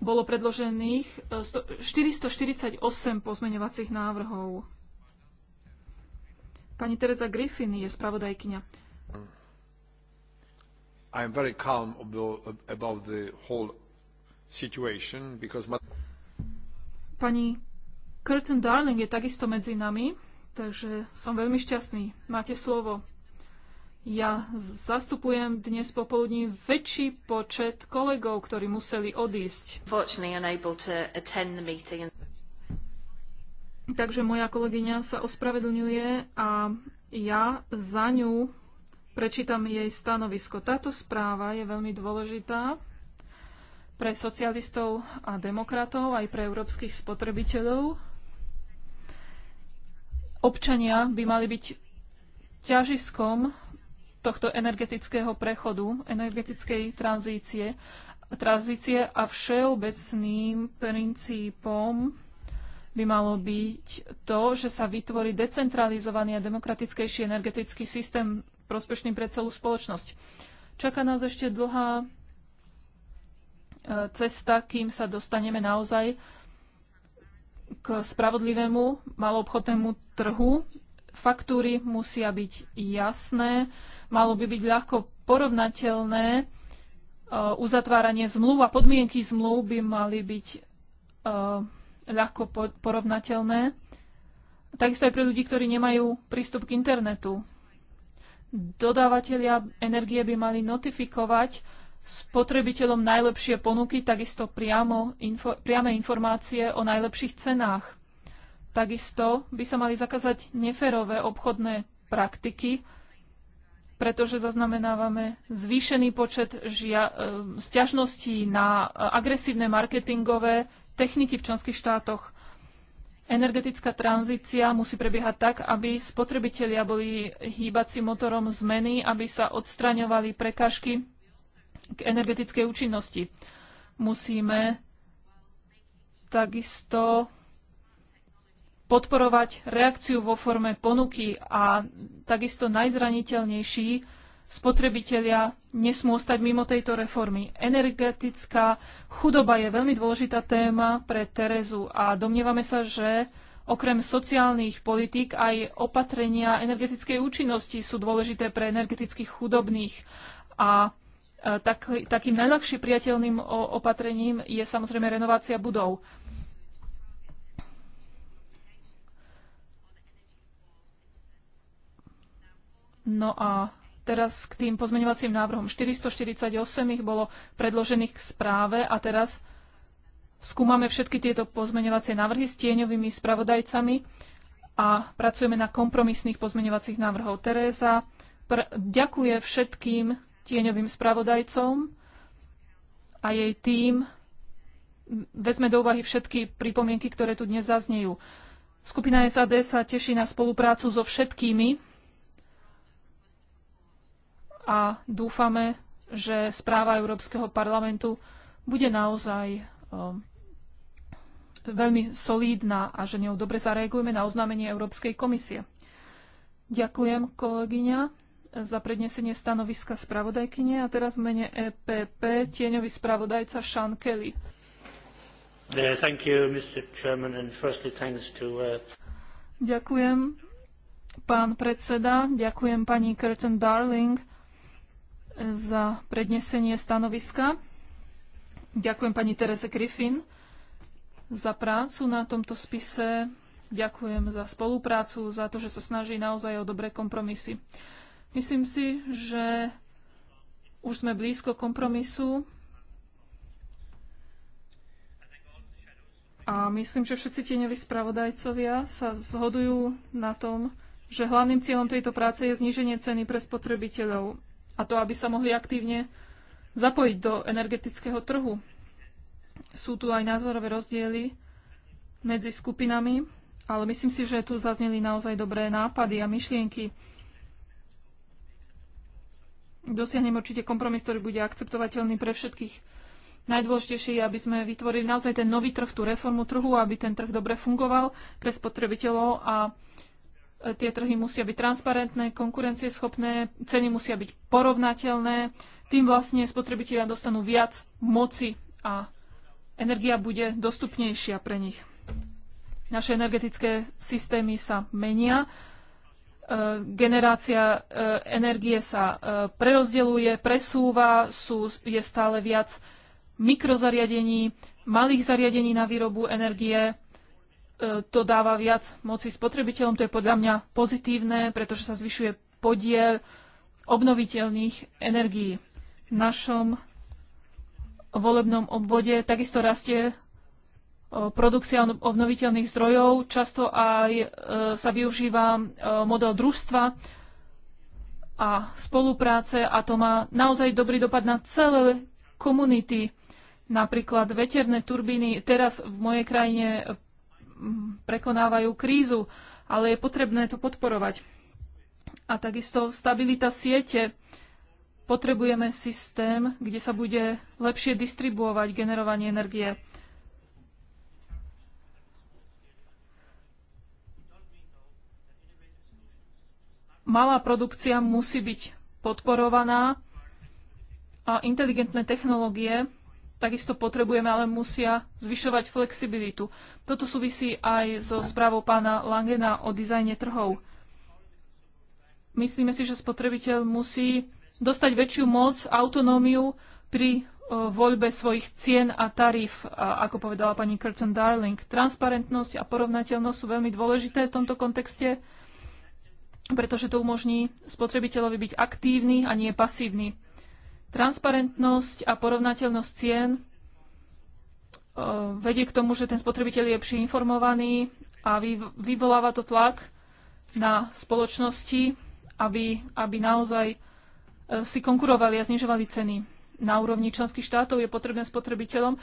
bolo predložených 448 e, pozmeňovacích návrhov. Pani Teresa Griffin je spravodajkyňa. I'm very calm about the whole situation because Pani Curtin Darling je takisto medzi nami, takže som veľmi šťastný. Máte slovo. Ja zastupujem dnes popoludní väčší počet kolegov, ktorí museli odísť. Takže moja kolegyňa sa ospravedlňuje a ja za ňu prečítam jej stanovisko. Táto správa je veľmi dôležitá pre socialistov a demokratov, aj pre európskych spotrebiteľov. Občania by mali byť ťažiskom tohto energetického prechodu, energetickej tranzície, tranzície a všeobecným princípom by malo byť to, že sa vytvorí decentralizovaný a demokratickejší energetický systém prospešný pre celú spoločnosť. Čaká nás ešte dlhá e, cesta, kým sa dostaneme naozaj k spravodlivému maloobchodnému trhu faktúry musia byť jasné, malo by byť ľahko porovnateľné, e, uzatváranie zmluv a podmienky zmluv by mali byť e, ľahko porovnateľné. Takisto aj pre ľudí, ktorí nemajú prístup k internetu. Dodávateľia energie by mali notifikovať spotrebiteľom najlepšie ponuky, takisto priamo info, priame informácie o najlepších cenách. Takisto by sa mali zakázať neférové obchodné praktiky, pretože zaznamenávame zvýšený počet žia- e, stiažností na agresívne marketingové techniky v členských štátoch. Energetická tranzícia musí prebiehať tak, aby spotrebitelia boli hýbacím motorom zmeny, aby sa odstraňovali prekážky k energetickej účinnosti. Musíme takisto podporovať reakciu vo forme ponuky a takisto najzraniteľnejší spotrebitelia nesmú ostať mimo tejto reformy. Energetická chudoba je veľmi dôležitá téma pre Terezu a domnievame sa, že Okrem sociálnych politík aj opatrenia energetickej účinnosti sú dôležité pre energetických chudobných. A e, tak, takým najľahšie priateľným opatrením je samozrejme renovácia budov. No a teraz k tým pozmeňovacím návrhom. 448 ich bolo predložených k správe a teraz skúmame všetky tieto pozmeňovacie návrhy s tieňovými spravodajcami a pracujeme na kompromisných pozmeňovacích návrhov. Teréza ďakuje všetkým tieňovým spravodajcom a jej tým vezme do úvahy všetky pripomienky, ktoré tu dnes zaznejú. Skupina SAD sa teší na spoluprácu so všetkými a dúfame, že správa Európskeho parlamentu bude naozaj um, veľmi solídna a že ňou dobre zareagujeme na oznámenie Európskej komisie. Ďakujem, kolegyňa, za prednesenie stanoviska spravodajkyne a teraz v mene EPP tieňový spravodajca Sean Kelly. Uh, ďakujem, pán predseda, ďakujem pani Curtin Darling za prednesenie stanoviska. Ďakujem pani Tereze Griffin za prácu na tomto spise. Ďakujem za spoluprácu, za to, že sa snaží naozaj o dobré kompromisy. Myslím si, že už sme blízko kompromisu. A myslím, že všetci tieňoví spravodajcovia sa zhodujú na tom, že hlavným cieľom tejto práce je zníženie ceny pre spotrebiteľov a to, aby sa mohli aktívne zapojiť do energetického trhu. Sú tu aj názorové rozdiely medzi skupinami, ale myslím si, že tu zazneli naozaj dobré nápady a myšlienky. Dosiahnem určite kompromis, ktorý bude akceptovateľný pre všetkých. Najdôležitejšie je, aby sme vytvorili naozaj ten nový trh, tú reformu trhu, aby ten trh dobre fungoval pre spotrebiteľov a Tie trhy musia byť transparentné, konkurencieschopné, ceny musia byť porovnateľné. Tým vlastne spotrebitelia dostanú viac moci a energia bude dostupnejšia pre nich. Naše energetické systémy sa menia e, generácia e, energie sa e, prerozdeluje, presúva, sú, je stále viac mikrozariadení, malých zariadení na výrobu energie, E, to dáva viac moci spotrebiteľom. To je podľa mňa pozitívne, pretože sa zvyšuje podiel obnoviteľných energií. V našom volebnom obvode takisto rastie e, produkcia obnoviteľných zdrojov, často aj e, sa využíva model družstva a spolupráce a to má naozaj dobrý dopad na celé komunity. Napríklad veterné turbíny. Teraz v mojej krajine prekonávajú krízu, ale je potrebné to podporovať. A takisto stabilita siete. Potrebujeme systém, kde sa bude lepšie distribuovať generovanie energie. Malá produkcia musí byť podporovaná a inteligentné technológie takisto potrebujeme, ale musia zvyšovať flexibilitu. Toto súvisí aj so správou pána Langena o dizajne trhov. Myslíme si, že spotrebiteľ musí dostať väčšiu moc, autonómiu pri e, voľbe svojich cien a tarif, a, ako povedala pani Curtin Darling. Transparentnosť a porovnateľnosť sú veľmi dôležité v tomto kontexte, pretože to umožní spotrebiteľovi byť aktívny a nie pasívny. Transparentnosť a porovnateľnosť cien e, vedie k tomu, že ten spotrebiteľ je lepšie informovaný a vyvoláva to tlak na spoločnosti, aby, aby naozaj e, si konkurovali a znižovali ceny. Na úrovni členských štátov je potrebné spotrebiteľom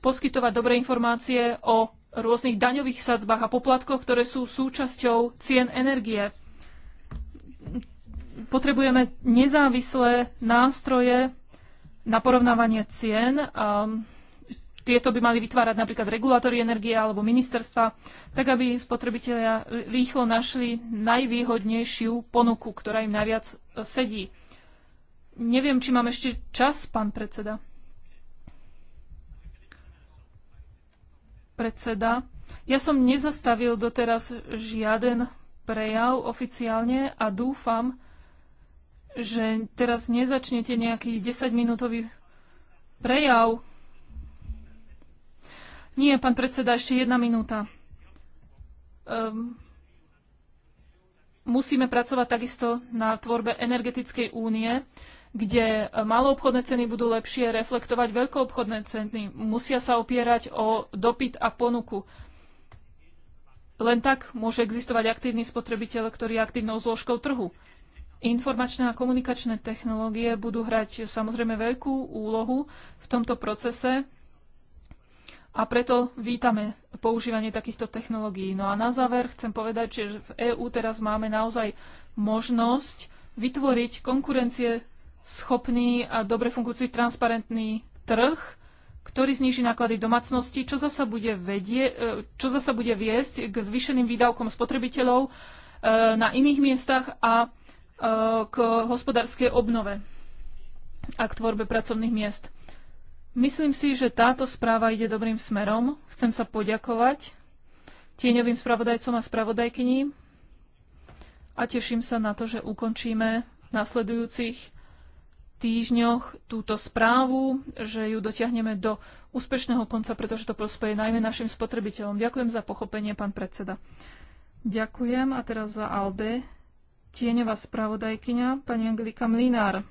poskytovať dobré informácie o rôznych daňových sadzbách a poplatkoch, ktoré sú súčasťou cien energie. Potrebujeme nezávislé nástroje na porovnávanie cien. Tieto by mali vytvárať napríklad regulátory energie alebo ministerstva, tak aby spotrebitelia rýchlo našli najvýhodnejšiu ponuku, ktorá im najviac sedí. Neviem, či mám ešte čas, pán predseda. Predseda. Ja som nezastavil doteraz žiaden prejav oficiálne a dúfam, že teraz nezačnete nejaký 10-minútový prejav. Nie, pán predseda, ešte jedna minúta. Um, musíme pracovať takisto na tvorbe energetickej únie, kde maloobchodné ceny budú lepšie reflektovať veľkoobchodné ceny. Musia sa opierať o dopyt a ponuku. Len tak môže existovať aktívny spotrebiteľ, ktorý je aktívnou zložkou trhu. Informačné a komunikačné technológie budú hrať samozrejme veľkú úlohu v tomto procese a preto vítame používanie takýchto technológií. No a na záver chcem povedať, že v EÚ teraz máme naozaj možnosť vytvoriť konkurencie schopný a dobre fungujúci transparentný trh, ktorý zníži náklady domácnosti, čo zasa bude, vedie, e, čo zasa bude viesť k zvýšeným výdavkom spotrebiteľov e, na iných miestach a Eh, k hospodárskej obnove a k tvorbe pracovných miest. Myslím si, že táto správa ide dobrým smerom. Chcem sa poďakovať tieňovým spravodajcom a spravodajkyni a teším sa na to, že ukončíme v nasledujúcich týždňoch túto správu, že ju dotiahneme do úspešného konca, pretože to prospeje najmä našim spotrebiteľom. Ďakujem za pochopenie, pán predseda. Ďakujem a teraz za Alde tieňová spravodajkyňa, pani Angelika Mlinár.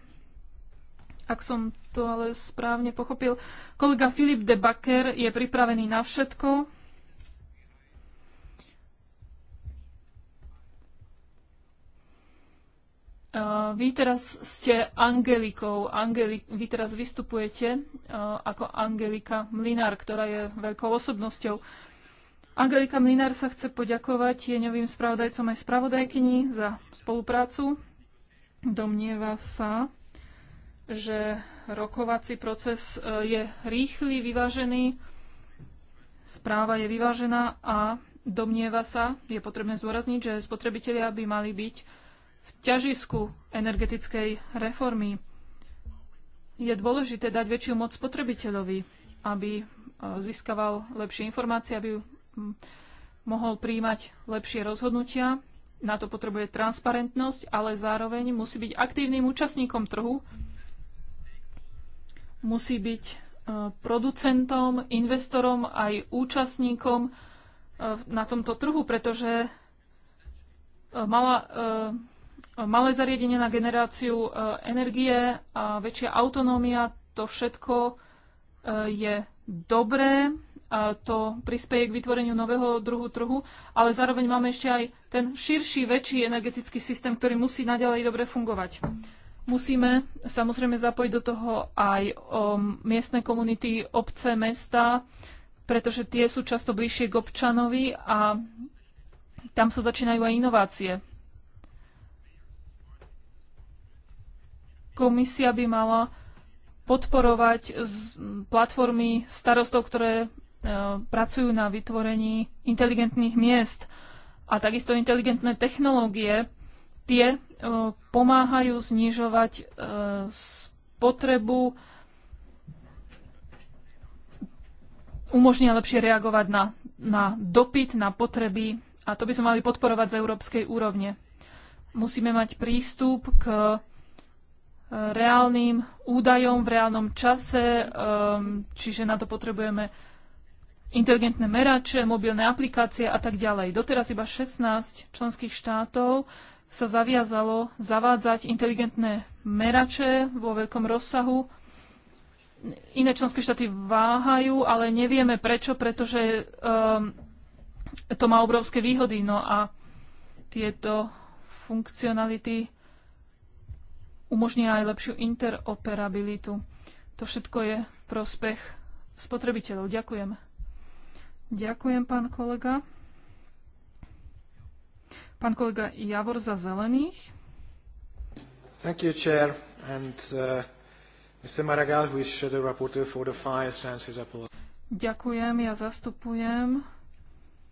Ak som to ale správne pochopil, kolega Filip de Baker je pripravený na všetko. Uh, vy teraz ste Angelikou, Angeli- vy teraz vystupujete uh, ako Angelika Mlinár, ktorá je veľkou osobnosťou. Angelika Mlinár sa chce poďakovať tieňovým spravodajcom aj spravodajkyni za spoluprácu. Domnieva sa, že rokovací proces e, je rýchly, vyvážený, správa je vyvážená a domnieva sa, je potrebné zdôrazniť, že spotrebitelia by mali byť v ťažisku energetickej reformy. Je dôležité dať väčšiu moc spotrebiteľovi, aby e, získaval lepšie informácie, aby mohol príjmať lepšie rozhodnutia. Na to potrebuje transparentnosť, ale zároveň musí byť aktívnym účastníkom trhu, musí byť e, producentom, investorom aj účastníkom e, na tomto trhu, pretože e, malá, malé zariadenie na generáciu energie a väčšia autonómia, to všetko je dobré a to prispieje k vytvoreniu nového druhu trhu, ale zároveň máme ešte aj ten širší, väčší energetický systém, ktorý musí naďalej dobre fungovať. Musíme samozrejme zapojiť do toho aj o um, miestne komunity, obce, mesta, pretože tie sú často bližšie k občanovi a tam sa začínajú aj inovácie. Komisia by mala podporovať platformy starostov, ktoré E, pracujú na vytvorení inteligentných miest a takisto inteligentné technológie, tie e, pomáhajú znižovať e, spotrebu, umožnia lepšie reagovať na, na dopyt, na potreby a to by sme mali podporovať z európskej úrovne. Musíme mať prístup k reálnym údajom v reálnom čase, čiže na to potrebujeme inteligentné merače, mobilné aplikácie a tak ďalej. Doteraz iba 16 členských štátov sa zaviazalo zavádzať inteligentné merače vo veľkom rozsahu. Iné členské štáty váhajú, ale nevieme prečo, pretože um, to má obrovské výhody. No a tieto funkcionality umožnia aj lepšiu interoperabilitu. To všetko je v prospech spotrebiteľov. Ďakujem. Ďakujem, pán kolega. Pán kolega Javor za zelených. Thank you, Chair. And uh, Mr. Maragall, who is Shadow Rapporteur for the Fire, sends his apology. Ďakujem, ja zastupujem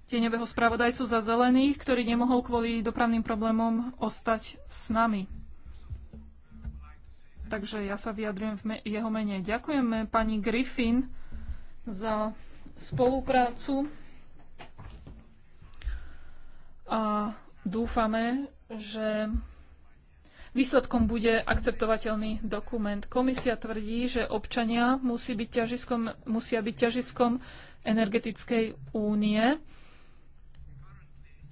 tieňového spravodajcu za zelených, ktorý nemohol kvôli dopravným problémom ostať s nami. Takže ja sa vyjadrujem v me jeho mene. Ďakujeme pani Griffin za spoluprácu a dúfame, že Výsledkom bude akceptovateľný dokument. Komisia tvrdí, že občania musí byť ťažiskom, musia byť ťažiskom energetickej únie.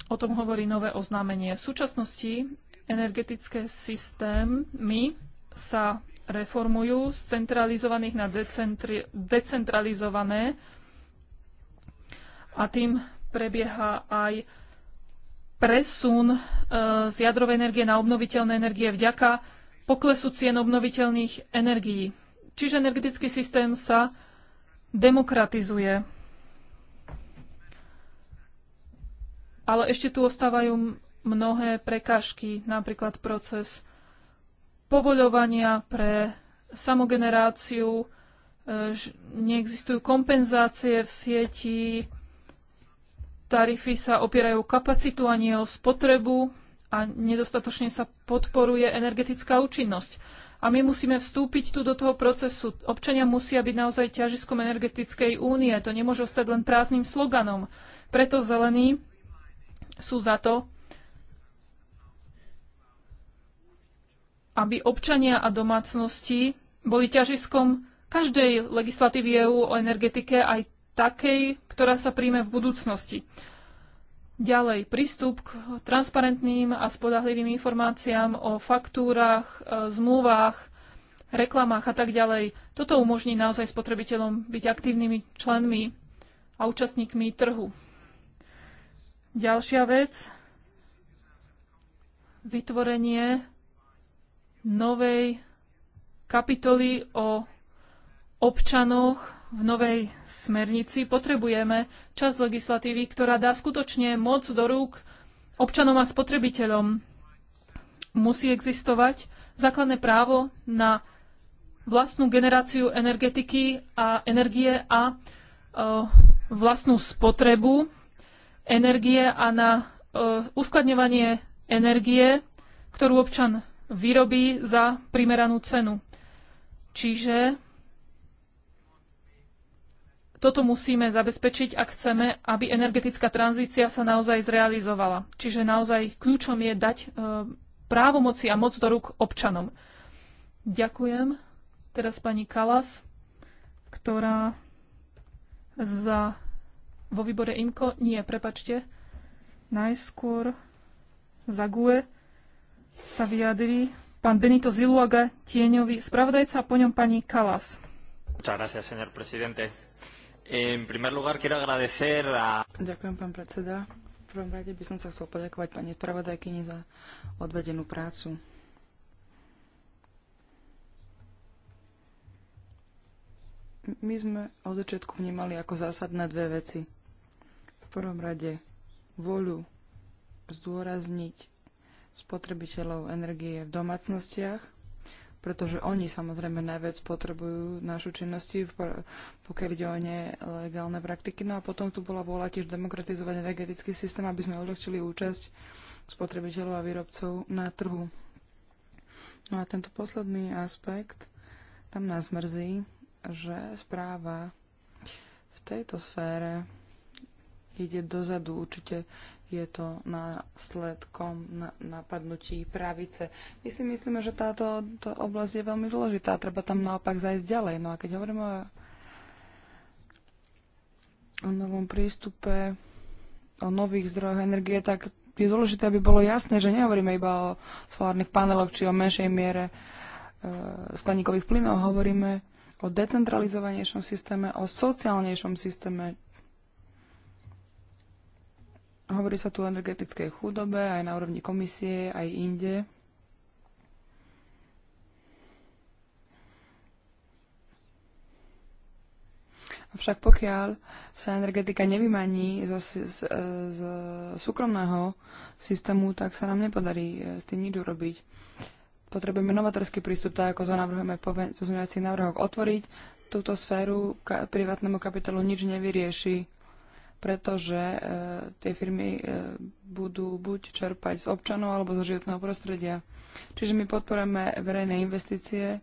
O tom hovorí nové oznámenie. V súčasnosti energetické systémy sa reformujú z centralizovaných na decentri, decentralizované a tým prebieha aj presun e, z jadrovej energie na obnoviteľné energie vďaka poklesu cien obnoviteľných energií. Čiže energetický systém sa demokratizuje. Ale ešte tu ostávajú mnohé prekážky, napríklad proces povoľovania pre samogeneráciu, e, neexistujú kompenzácie v sieti, Tarify sa opierajú o kapacitu a nie o spotrebu a nedostatočne sa podporuje energetická účinnosť. A my musíme vstúpiť tu do toho procesu. Občania musia byť naozaj ťažiskom energetickej únie. To nemôže ostať len prázdnym sloganom. Preto zelení sú za to, aby občania a domácnosti boli ťažiskom každej legislatívy EÚ o energetike, aj takej, ktorá sa príjme v budúcnosti. Ďalej, prístup k transparentným a spodahlivým informáciám o faktúrach, e, zmluvách, reklamách a tak ďalej. Toto umožní naozaj spotrebiteľom byť aktívnymi členmi a účastníkmi trhu. Ďalšia vec, vytvorenie novej kapitoly o občanoch v novej smernici potrebujeme časť legislatívy, ktorá dá skutočne moc do rúk občanom a spotrebiteľom. Musí existovať základné právo na vlastnú generáciu energetiky a energie a e, vlastnú spotrebu energie a na e, uskladňovanie energie, ktorú občan vyrobí za primeranú cenu. Čiže toto musíme zabezpečiť, ak chceme, aby energetická tranzícia sa naozaj zrealizovala. Čiže naozaj kľúčom je dať e, právomoci a moc do rúk občanom. Ďakujem. Teraz pani Kalas, ktorá za vo výbore IMKO, nie, prepačte, najskôr za GUE sa vyjadrí pán Benito Ziluaga, tieňový spravodajca a po ňom pani Kalas. Muchas gracias, señor presidente. En primer lugar, quiero agradecer a... Ďakujem, pán predseda. V prvom rade by som sa chcel poďakovať pani spravodajkyni za odvedenú prácu. My sme od začiatku vnímali ako zásadné dve veci. V prvom rade voľu zdôrazniť spotrebiteľov energie v domácnostiach pretože oni samozrejme najviac potrebujú našu činnosti, pokiaľ ide o nelegálne praktiky. No a potom tu bola vôľa tiež demokratizovať energetický systém, aby sme uľahčili účasť spotrebiteľov a výrobcov na trhu. No a tento posledný aspekt, tam nás mrzí, že správa v tejto sfére ide dozadu. Určite je to následkom na, napadnutí pravice. My si myslíme, že táto to oblasť je veľmi dôležitá, treba tam naopak zajsť ďalej. No a keď hovoríme o, o novom prístupe, o nových zdrojoch energie, tak je dôležité, aby bolo jasné, že nehovoríme iba o solárnych paneloch či o menšej miere e, skleníkových plynov, hovoríme o decentralizovanejšom systéme, o sociálnejšom systéme, Hovorí sa tu o energetickej chudobe aj na úrovni komisie, aj inde. Avšak pokiaľ sa energetika nevymaní zo, z, e, z súkromného systému, tak sa nám nepodarí e, s tým nič urobiť. Potrebujeme novatorský prístup, tak ako to navrhujeme v pozmeňovacích návrhoch, otvoriť túto sféru ka- privátnemu kapitolu nič nevyrieši pretože e, tie firmy e, budú buď čerpať z občanov alebo zo životného prostredia. Čiže my podporujeme verejné investície,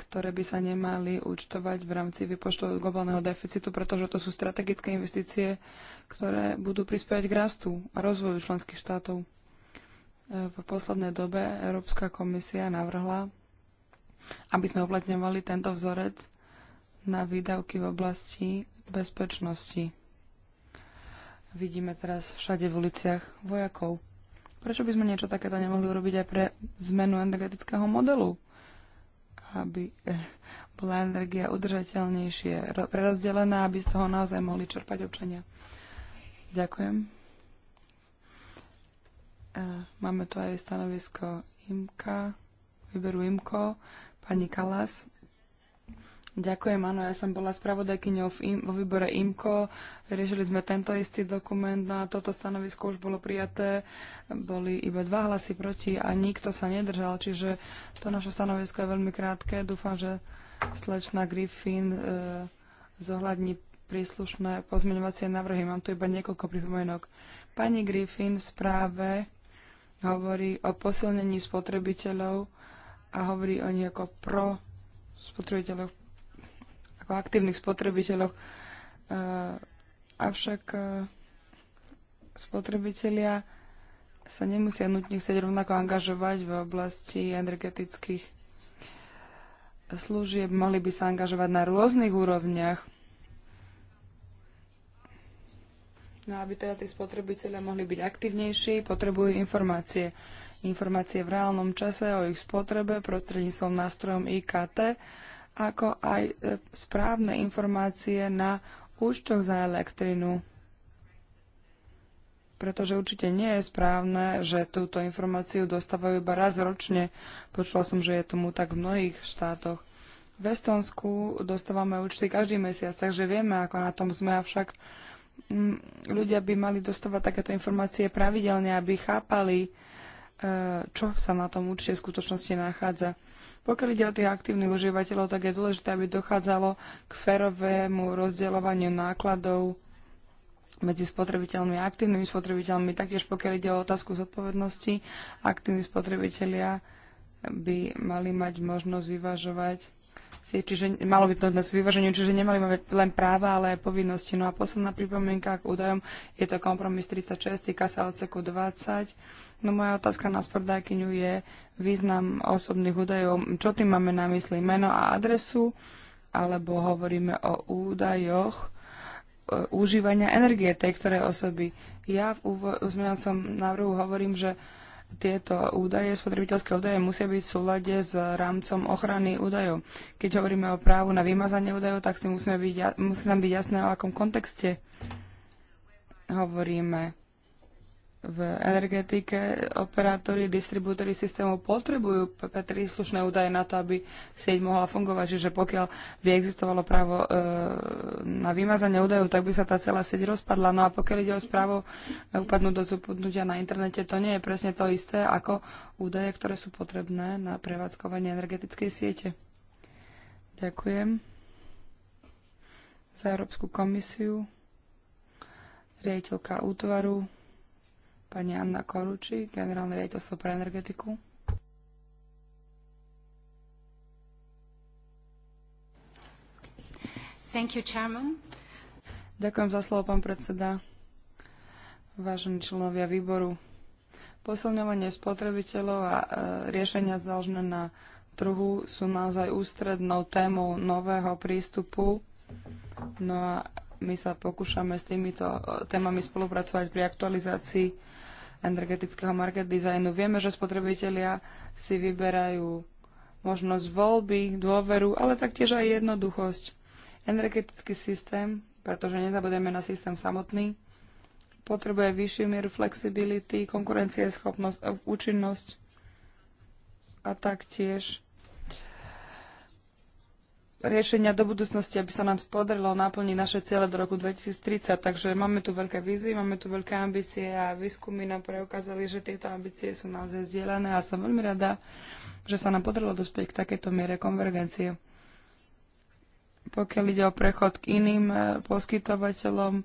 ktoré by sa nemali účtovať v rámci vypočtu globálneho deficitu, pretože to sú strategické investície, ktoré budú prispievať k rastu a rozvoju členských štátov. E, v poslednej dobe Európska komisia navrhla, aby sme uplatňovali tento vzorec na výdavky v oblasti bezpečnosti vidíme teraz všade v uliciach vojakov. Prečo by sme niečo takéto nemohli urobiť aj pre zmenu energetického modelu? Aby eh, bola energia udržateľnejšie, prerozdelená, aby z toho naozaj mohli čerpať občania. Ďakujem. Eh, máme tu aj stanovisko IMKA, výberu IMKO, pani Kalas. Ďakujem, áno, ja som bola spravodajkyňou vo výbore IMKO, riešili sme tento istý dokument, na no a toto stanovisko už bolo prijaté, boli iba dva hlasy proti a nikto sa nedržal, čiže to naše stanovisko je veľmi krátke. Dúfam, že slečna Griffin e, zohľadní príslušné pozmeňovacie návrhy. Mám tu iba niekoľko pripomienok. Pani Griffin v správe hovorí o posilnení spotrebiteľov a hovorí o nejako ako pro spotrebiteľov ako aktívnych spotrebiteľoch. E, avšak e, spotrebitelia sa nemusia nutne chcieť rovnako angažovať v oblasti energetických služieb, mohli by sa angažovať na rôznych úrovniach. No aby teda tí spotrebitelia mohli byť aktívnejší, potrebujú informácie. Informácie v reálnom čase o ich spotrebe prostredníctvom nástrojom IKT ako aj e, správne informácie na účtoch za elektrinu. Pretože určite nie je správne, že túto informáciu dostávajú iba raz ročne. Počula som, že je tomu tak v mnohých štátoch. V Estonsku dostávame účty každý mesiac, takže vieme, ako na tom sme, avšak m, mm, ľudia by mali dostávať takéto informácie pravidelne, aby chápali, e, čo sa na tom účte v skutočnosti nachádza. Pokiaľ ide o tých aktívnych užívateľov, tak je dôležité, aby dochádzalo k ferovému rozdeľovaniu nákladov medzi spotrebiteľmi a aktívnymi spotrebiteľmi. Taktiež pokiaľ ide o otázku zodpovednosti, aktívni spotrebitelia by mali mať možnosť vyvažovať čiže malo by to dnes vyváženiu, čiže nemali máme len práva, ale aj povinnosti. No a posledná pripomienka k údajom, je to kompromis 36, týka sa odseku 20. No moja otázka na spravodajkyňu je význam osobných údajov. Čo tým máme na mysli? Meno a adresu? Alebo hovoríme o údajoch e, užívania energie tej ktorej osoby. Ja v som návrhu hovorím, že tieto údaje, spotrebiteľské údaje, musia byť v súlade s rámcom ochrany údajov. Keď hovoríme o právu na vymazanie údajov, tak si musíme byť, musí nám byť jasné, o akom kontexte hovoríme v energetike operátori, distribútory systémov potrebujú príslušné údaje na to, aby sieť mohla fungovať. Čiže pokiaľ by existovalo právo e, na vymazanie údajov, tak by sa tá celá sieť rozpadla. No a pokiaľ ide o správo e, upadnúť do zúpadnutia na internete, to nie je presne to isté ako údaje, ktoré sú potrebné na prevádzkovanie energetickej siete. Ďakujem za Európsku komisiu, riaditeľka útvaru pani Anna Koruči, generálne riaditeľstvo pre energetiku. Thank you, Chairman. Ďakujem za slovo, pán predseda. Vážení členovia výboru, posilňovanie spotrebiteľov a e, riešenia založené na trhu sú naozaj ústrednou témou nového prístupu. No a my sa pokúšame s týmito e, témami spolupracovať pri aktualizácii energetického market designu. Vieme, že spotrebitelia si vyberajú možnosť voľby, dôveru, ale taktiež aj jednoduchosť. Energetický systém, pretože nezabudeme na systém samotný, potrebuje vyššiu mieru flexibility, konkurencieschopnosť, účinnosť a taktiež riešenia do budúcnosti, aby sa nám podarilo naplniť naše ciele do roku 2030. Takže máme tu veľké výzvy, máme tu veľké ambície a výskumy nám preukázali, že tieto ambície sú naozaj zdieľané a som veľmi rada, že sa nám podarilo dospieť k takejto miere konvergencie. Pokiaľ ide o prechod k iným e, poskytovateľom,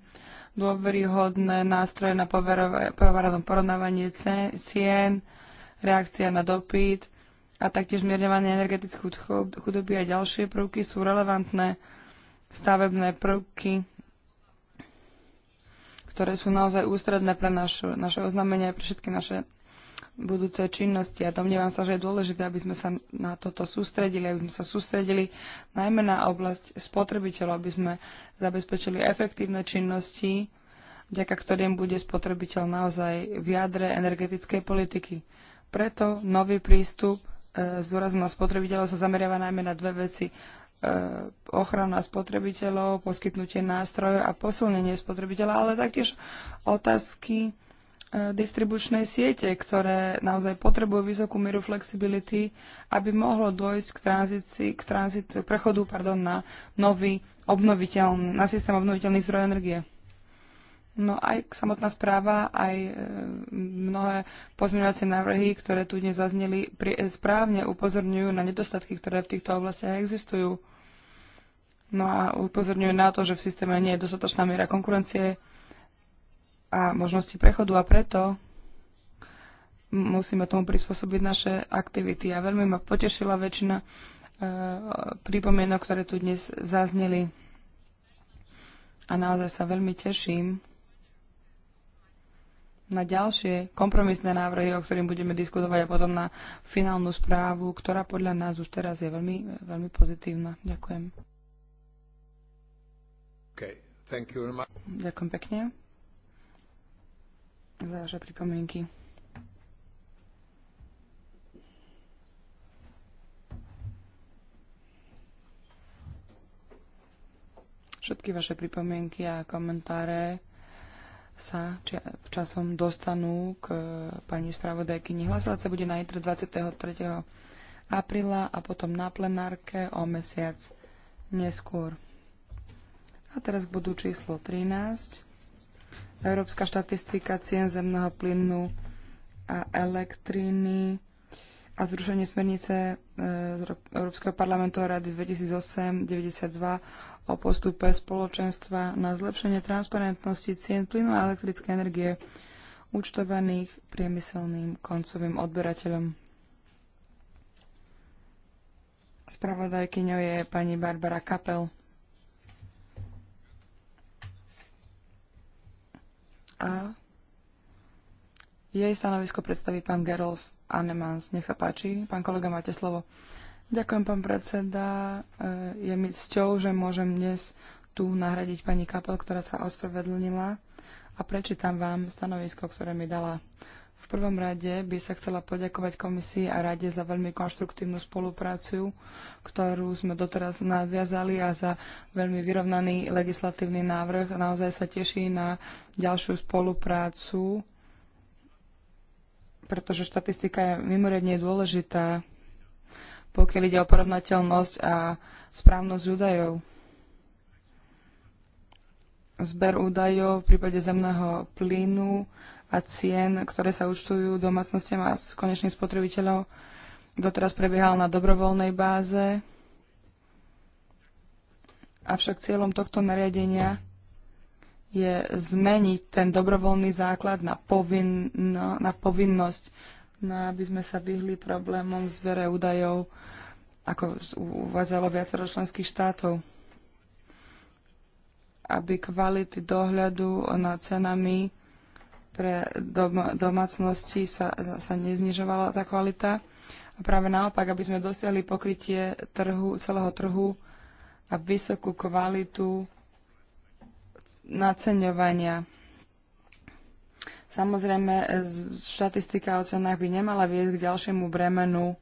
dôveryhodné nástroje na poverenom porovnávanie cien, reakcia na dopyt, a taktiež zmierňovanie energetickú chudoby a ďalšie prvky sú relevantné stavebné prvky, ktoré sú naozaj ústredné pre naš, naše oznámenie a pre všetky naše budúce činnosti. A domnievam sa, že je dôležité, aby sme sa na toto sústredili, aby sme sa sústredili najmä na oblasť spotrebiteľov, aby sme zabezpečili efektívne činnosti, vďaka ktorým bude spotrebiteľ naozaj v jadre energetickej politiky. Preto nový prístup s e, dôrazom na spotrebiteľa sa zameriava najmä na dve veci. E, ochrana spotrebiteľov, poskytnutie nástrojov a posilnenie spotrebiteľa, ale taktiež otázky e, distribučnej siete, ktoré naozaj potrebujú vysokú mieru flexibility, aby mohlo dôjsť k, tranzícii, k, tranzícii, k prechodu pardon, na nový obnoviteľný, na systém obnoviteľných zdrojov energie. No aj samotná správa, aj e, mnohé pozmeňovacie návrhy, ktoré tu dnes zazneli, e, správne upozorňujú na nedostatky, ktoré v týchto oblastiach existujú. No a upozorňujú na to, že v systéme nie je dostatočná miera konkurencie a možnosti prechodu a preto musíme tomu prispôsobiť naše aktivity. A veľmi ma potešila väčšina e, pripomienok, ktoré tu dnes zazneli. A naozaj sa veľmi teším, na ďalšie kompromisné návrhy, o ktorým budeme diskutovať a potom na finálnu správu, ktorá podľa nás už teraz je veľmi, veľmi pozitívna. Ďakujem. Okay. Thank you very much. Ďakujem pekne za vaše pripomienky. Všetky vaše pripomienky a komentáre sa časom dostanú k e, pani spravodajky Hlasovať sa bude na 23. apríla a potom na plenárke o mesiac neskôr. A teraz k bodu číslo 13. Európska štatistika cien zemného plynu a elektriny a zrušenie smernice e, z Európskeho parlamentu a rady 2008-92 o postupe spoločenstva na zlepšenie transparentnosti cien plynu a elektrickej energie účtovaných priemyselným koncovým odberateľom. Spravodajkyňou je pani Barbara Kapel. A jej stanovisko predstaví pán Gerolf Anemans. Nech sa páči, pán kolega, máte slovo. Ďakujem, pán predseda. E, je mi cťou, že môžem dnes tu nahradiť pani Kapel, ktorá sa ospravedlnila a prečítam vám stanovisko, ktoré mi dala. V prvom rade by sa chcela poďakovať komisii a rade za veľmi konštruktívnu spoluprácu, ktorú sme doteraz nadviazali a za veľmi vyrovnaný legislatívny návrh. Naozaj sa teší na ďalšiu spoluprácu pretože štatistika je mimoriadne dôležitá, pokiaľ ide o porovnateľnosť a správnosť údajov. Zber údajov v prípade zemného plynu a cien, ktoré sa účtujú domácnostiam a s konečným spotrebiteľom, doteraz prebiehal na dobrovoľnej báze. Avšak cieľom tohto nariadenia je zmeniť ten dobrovoľný základ na, povin, na povinnosť, na no aby sme sa vyhli problémom zbere údajov, ako uvádzalo viacero členských štátov. Aby kvality dohľadu nad cenami pre dom- domácnosti sa, sa neznižovala tá kvalita. A práve naopak, aby sme dosiahli pokrytie trhu, celého trhu a vysokú kvalitu naceňovania. Samozrejme, štatistika o cenách by nemala viesť k ďalšiemu bremenu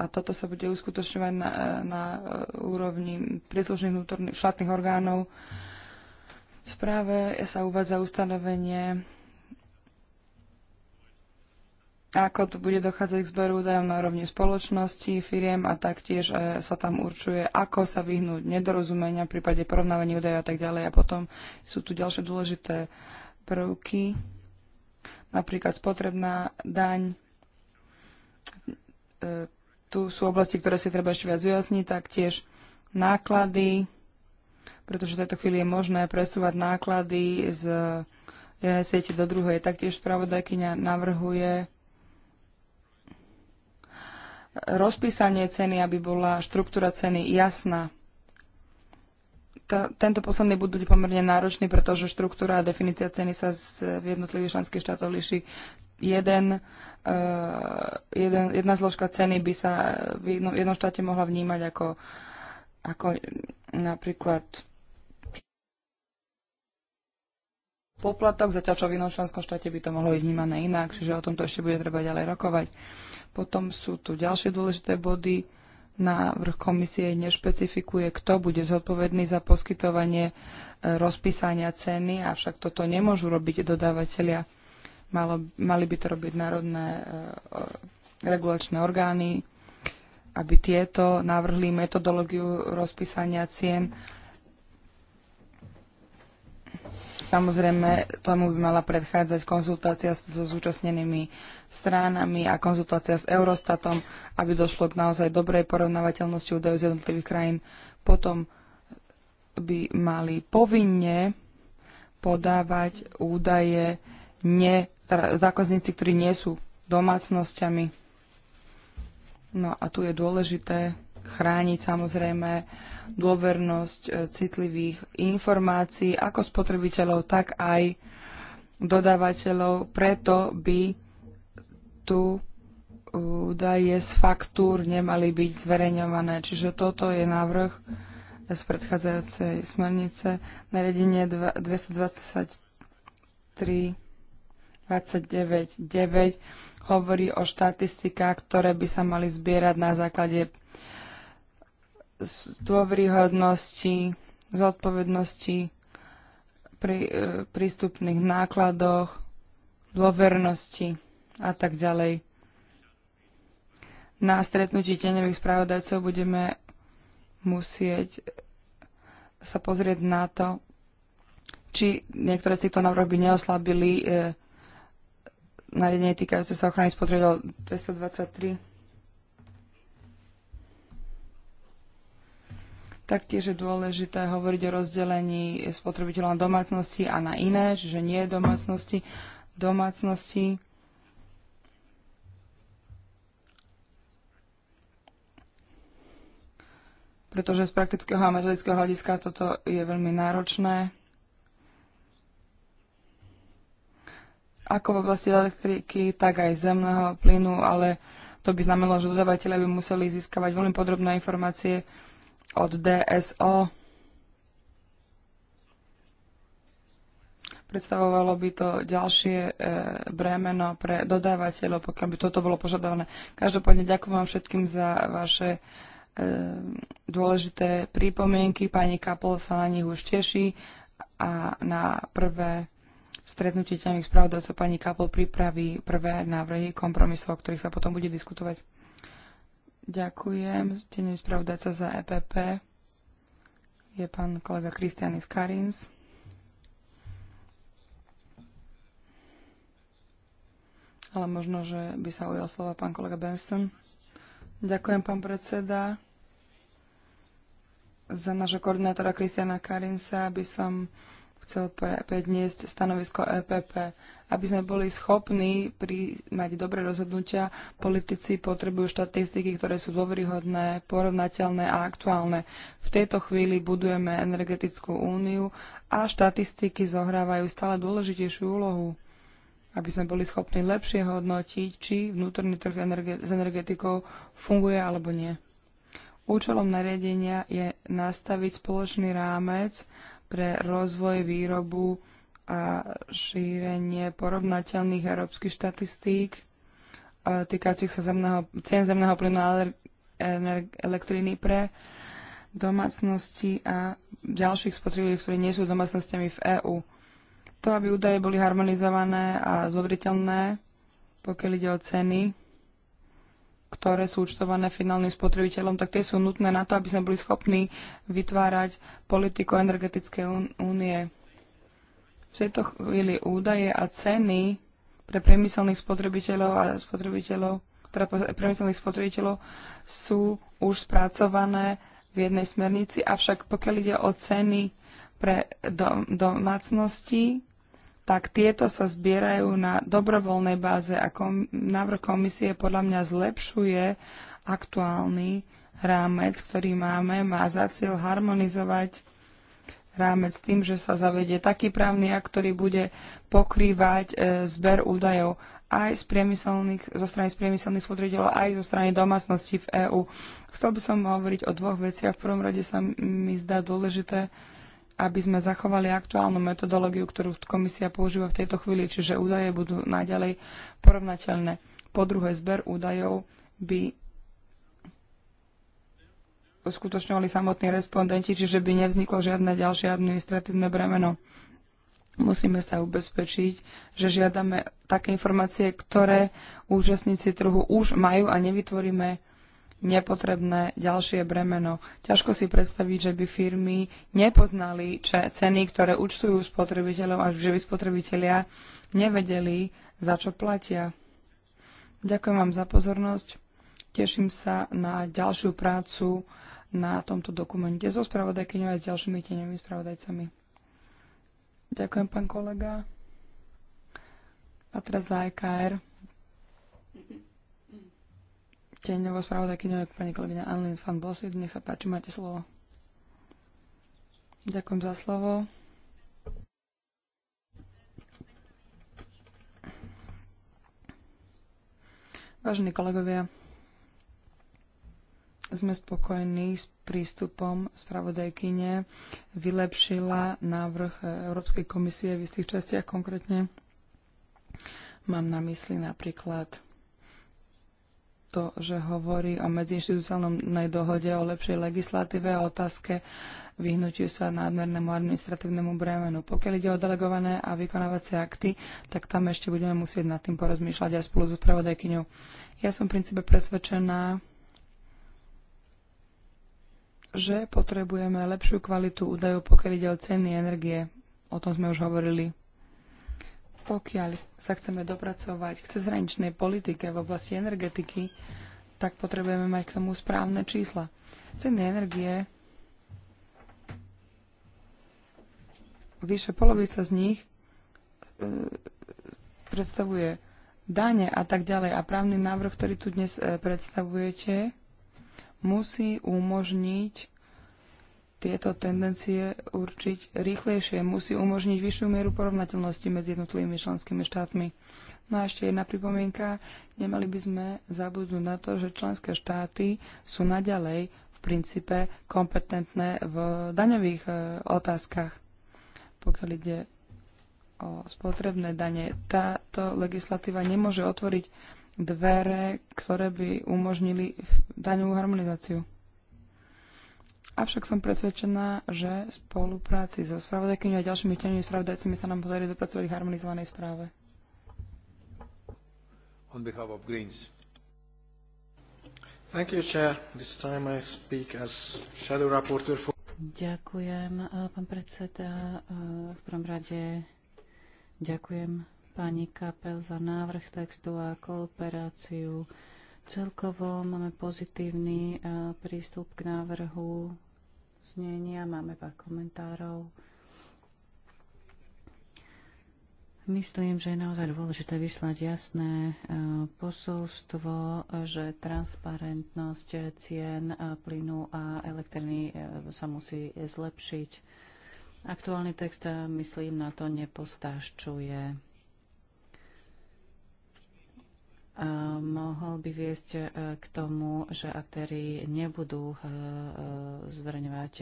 a toto sa bude uskutočňovať na, na e, úrovni príslušných vnútorných štátnych orgánov. V správe sa uvádza ustanovenie ako tu bude dochádzať k zberu údajov na úrovni spoločnosti, firiem a taktiež e, sa tam určuje, ako sa vyhnúť nedorozumenia v prípade porovnávania údajov a tak ďalej. A potom sú tu ďalšie dôležité prvky, napríklad spotrebná daň. E, tu sú oblasti, ktoré si treba ešte viac ujasniť, taktiež náklady, pretože v tejto chvíli je možné presúvať náklady z jednej siete do druhej. Taktiež spravodajkyňa navrhuje rozpísanie ceny, aby bola štruktúra ceny jasná. T tento posledný bod bude pomerne náročný, pretože štruktúra a definícia ceny sa z, v jednotlivých členských štátoch líši. Jeden, eh, jeden, jedna zložka ceny by sa v jednom, jednom štáte mohla vnímať ako, ako napríklad poplatok, zatiaľ čo v inom členskom štáte by to mohlo byť vnímané inak, čiže o tomto ešte bude treba ďalej rokovať. Potom sú tu ďalšie dôležité body. Návrh komisie nešpecifikuje, kto bude zodpovedný za poskytovanie e, rozpísania ceny, avšak toto nemôžu robiť dodávateľia. Malo, mali by to robiť národné e, regulačné orgány, aby tieto navrhli metodológiu rozpísania cien Samozrejme, tomu by mala predchádzať konzultácia so zúčastnenými stránami a konzultácia s Eurostatom, aby došlo k naozaj dobrej porovnávateľnosti údajov z jednotlivých krajín. Potom by mali povinne podávať údaje ne, teda zákazníci, ktorí nie sú domácnosťami. No a tu je dôležité chrániť samozrejme dôvernosť e, citlivých informácií ako spotrebiteľov, tak aj dodávateľov. Preto by tu údaje z faktúr nemali byť zverejňované. Čiže toto je návrh z predchádzajúcej smernice nariadenie 223 29.9 hovorí o štatistikách, ktoré by sa mali zbierať na základe z dôvryhodnosti, zodpovednosti, pri, e, prístupných nákladoch, dôvernosti a tak ďalej. Na stretnutí tenových spravodajcov budeme musieť sa pozrieť na to, či niektoré z týchto návrhov by neoslabili e, nariadenie týkajúce sa ochrany spotrebiteľov 223 Taktiež je dôležité hovoriť o rozdelení spotrebiteľov na domácnosti a na iné, čiže nie domácnosti, domácnosti. Pretože z praktického a metodického hľadiska toto je veľmi náročné. Ako v oblasti elektriky, tak aj zemného plynu, ale to by znamenalo, že dodávateľe by museli získavať veľmi podrobné informácie od DSO. Predstavovalo by to ďalšie e, bremeno pre dodávateľov, pokiaľ by toto bolo požadované. Každopádne ďakujem vám všetkým za vaše e, dôležité prípomienky. Pani Kapol sa na nich už teší a na prvé stretnutie ťaných spravodajcov pani Kapol pripraví prvé návrhy kompromisov, o ktorých sa potom bude diskutovať. Ďakujem. Tenný spravodajca za EPP je pán kolega Kristianis Karins. Ale možno, že by sa ujal slova pán kolega Benson. Ďakujem, pán predseda. Za nášho koordinátora Kristiana Karinsa by som chcel predniesť stanovisko EPP aby sme boli schopní mať dobré rozhodnutia, politici potrebujú štatistiky, ktoré sú dôveryhodné, porovnateľné a aktuálne. V tejto chvíli budujeme energetickú úniu a štatistiky zohrávajú stále dôležitejšiu úlohu aby sme boli schopní lepšie hodnotiť, či vnútorný trh energe- s energetikou funguje alebo nie. Účelom nariadenia je nastaviť spoločný rámec pre rozvoj, výrobu, a šírenie porovnateľných európskych štatistík e, týkajúcich sa zemného, cien zemného plynu a elektriny pre domácnosti a ďalších spotrebiteľov, ktorí nie sú domácnostiami v EÚ. To, aby údaje boli harmonizované a zobriteľné, pokiaľ ide o ceny, ktoré sú účtované finálnym spotrebiteľom, tak tie sú nutné na to, aby sme boli schopní vytvárať politiku energetickej únie. Un- v tejto chvíli údaje a ceny pre priemyselných spotrebiteľov a spotrebiteľov, teda priemyselných spotrebiteľov sú už spracované v jednej smernici, avšak pokiaľ ide o ceny pre dom- domácnosti, tak tieto sa zbierajú na dobrovoľnej báze a kom- návrh komisie podľa mňa zlepšuje aktuálny rámec, ktorý máme, má za cieľ harmonizovať rámec tým, že sa zavedie taký právny akt, ktorý bude pokrývať e, zber údajov aj z priemyselných, zo strany priemyselných spotrebiteľov, aj zo strany domácností v EÚ. Chcel by som hovoriť o dvoch veciach. V prvom rade sa mi zdá dôležité, aby sme zachovali aktuálnu metodológiu, ktorú komisia používa v tejto chvíli, čiže údaje budú naďalej porovnateľné. Po druhé, zber údajov by uskutočňovali samotní respondenti, čiže by nevzniklo žiadne ďalšie administratívne bremeno. Musíme sa ubezpečiť, že žiadame také informácie, ktoré účastníci trhu už majú a nevytvoríme nepotrebné ďalšie bremeno. Ťažko si predstaviť, že by firmy nepoznali ceny, ktoré účtujú spotrebiteľov a že by spotrebitelia nevedeli, za čo platia. Ďakujem vám za pozornosť. Teším sa na ďalšiu prácu na tomto dokumente so spravodajkyňou aj s ďalšími tieňovými spravodajcami. Ďakujem, pán kolega. A teraz za EKR. Tieňovo spravodajkyňou je pani kolegyňa Anlin van Bosid. Nech sa páči, máte slovo. Ďakujem za slovo. Vážení kolegovia, sme spokojní s prístupom spravodajkyne. Vylepšila návrh e, Európskej komisie v istých častiach konkrétne. Mám na mysli napríklad to, že hovorí o medziinstitucionálnej dohode o lepšej legislatíve a otázke vyhnutiu sa nadmernému administratívnemu bremenu. Pokiaľ ide o delegované a vykonávacie akty, tak tam ešte budeme musieť nad tým porozmýšľať aj spolu so spravodajkyňou. Ja som v princípe presvedčená, že potrebujeme lepšiu kvalitu údajov, pokiaľ ide o ceny energie. O tom sme už hovorili. Pokiaľ sa chceme dopracovať k cezhraničnej politike v oblasti energetiky, tak potrebujeme mať k tomu správne čísla. Ceny energie, vyše polovica z nich e, predstavuje dane a tak ďalej. A právny návrh, ktorý tu dnes e, predstavujete, musí umožniť tieto tendencie určiť rýchlejšie, musí umožniť vyššiu mieru porovnateľnosti medzi jednotlivými členskými štátmi. No a ešte jedna pripomienka, nemali by sme zabudnúť na to, že členské štáty sú naďalej v princípe kompetentné v daňových e, otázkach, pokiaľ ide o spotrebné dane. Táto legislatíva nemôže otvoriť dvere, ktoré by umožnili daňovú harmonizáciu. Avšak som presvedčená, že v spolupráci so spravodajkými a ďalšími tenými spravodajcimi sa nám podarí dopracovať k harmonizovanej správe. On behalf of Greens. Thank you, Chair. This time I speak as shadow reporter for... Ďakujem, eh, pán predseda. Eh, v prvom rade ďakujem pani Kapel za návrh textu a kooperáciu. Celkovo máme pozitívny e, prístup k návrhu znenia, máme pár komentárov. Myslím, že je naozaj dôležité vyslať jasné e, posolstvo, že transparentnosť cien e, plynu a elektriny sa musí zlepšiť. Aktuálny text, myslím, na to nepostačuje. mohol by viesť e, k tomu, že aktéry nebudú e, e, zverejňovať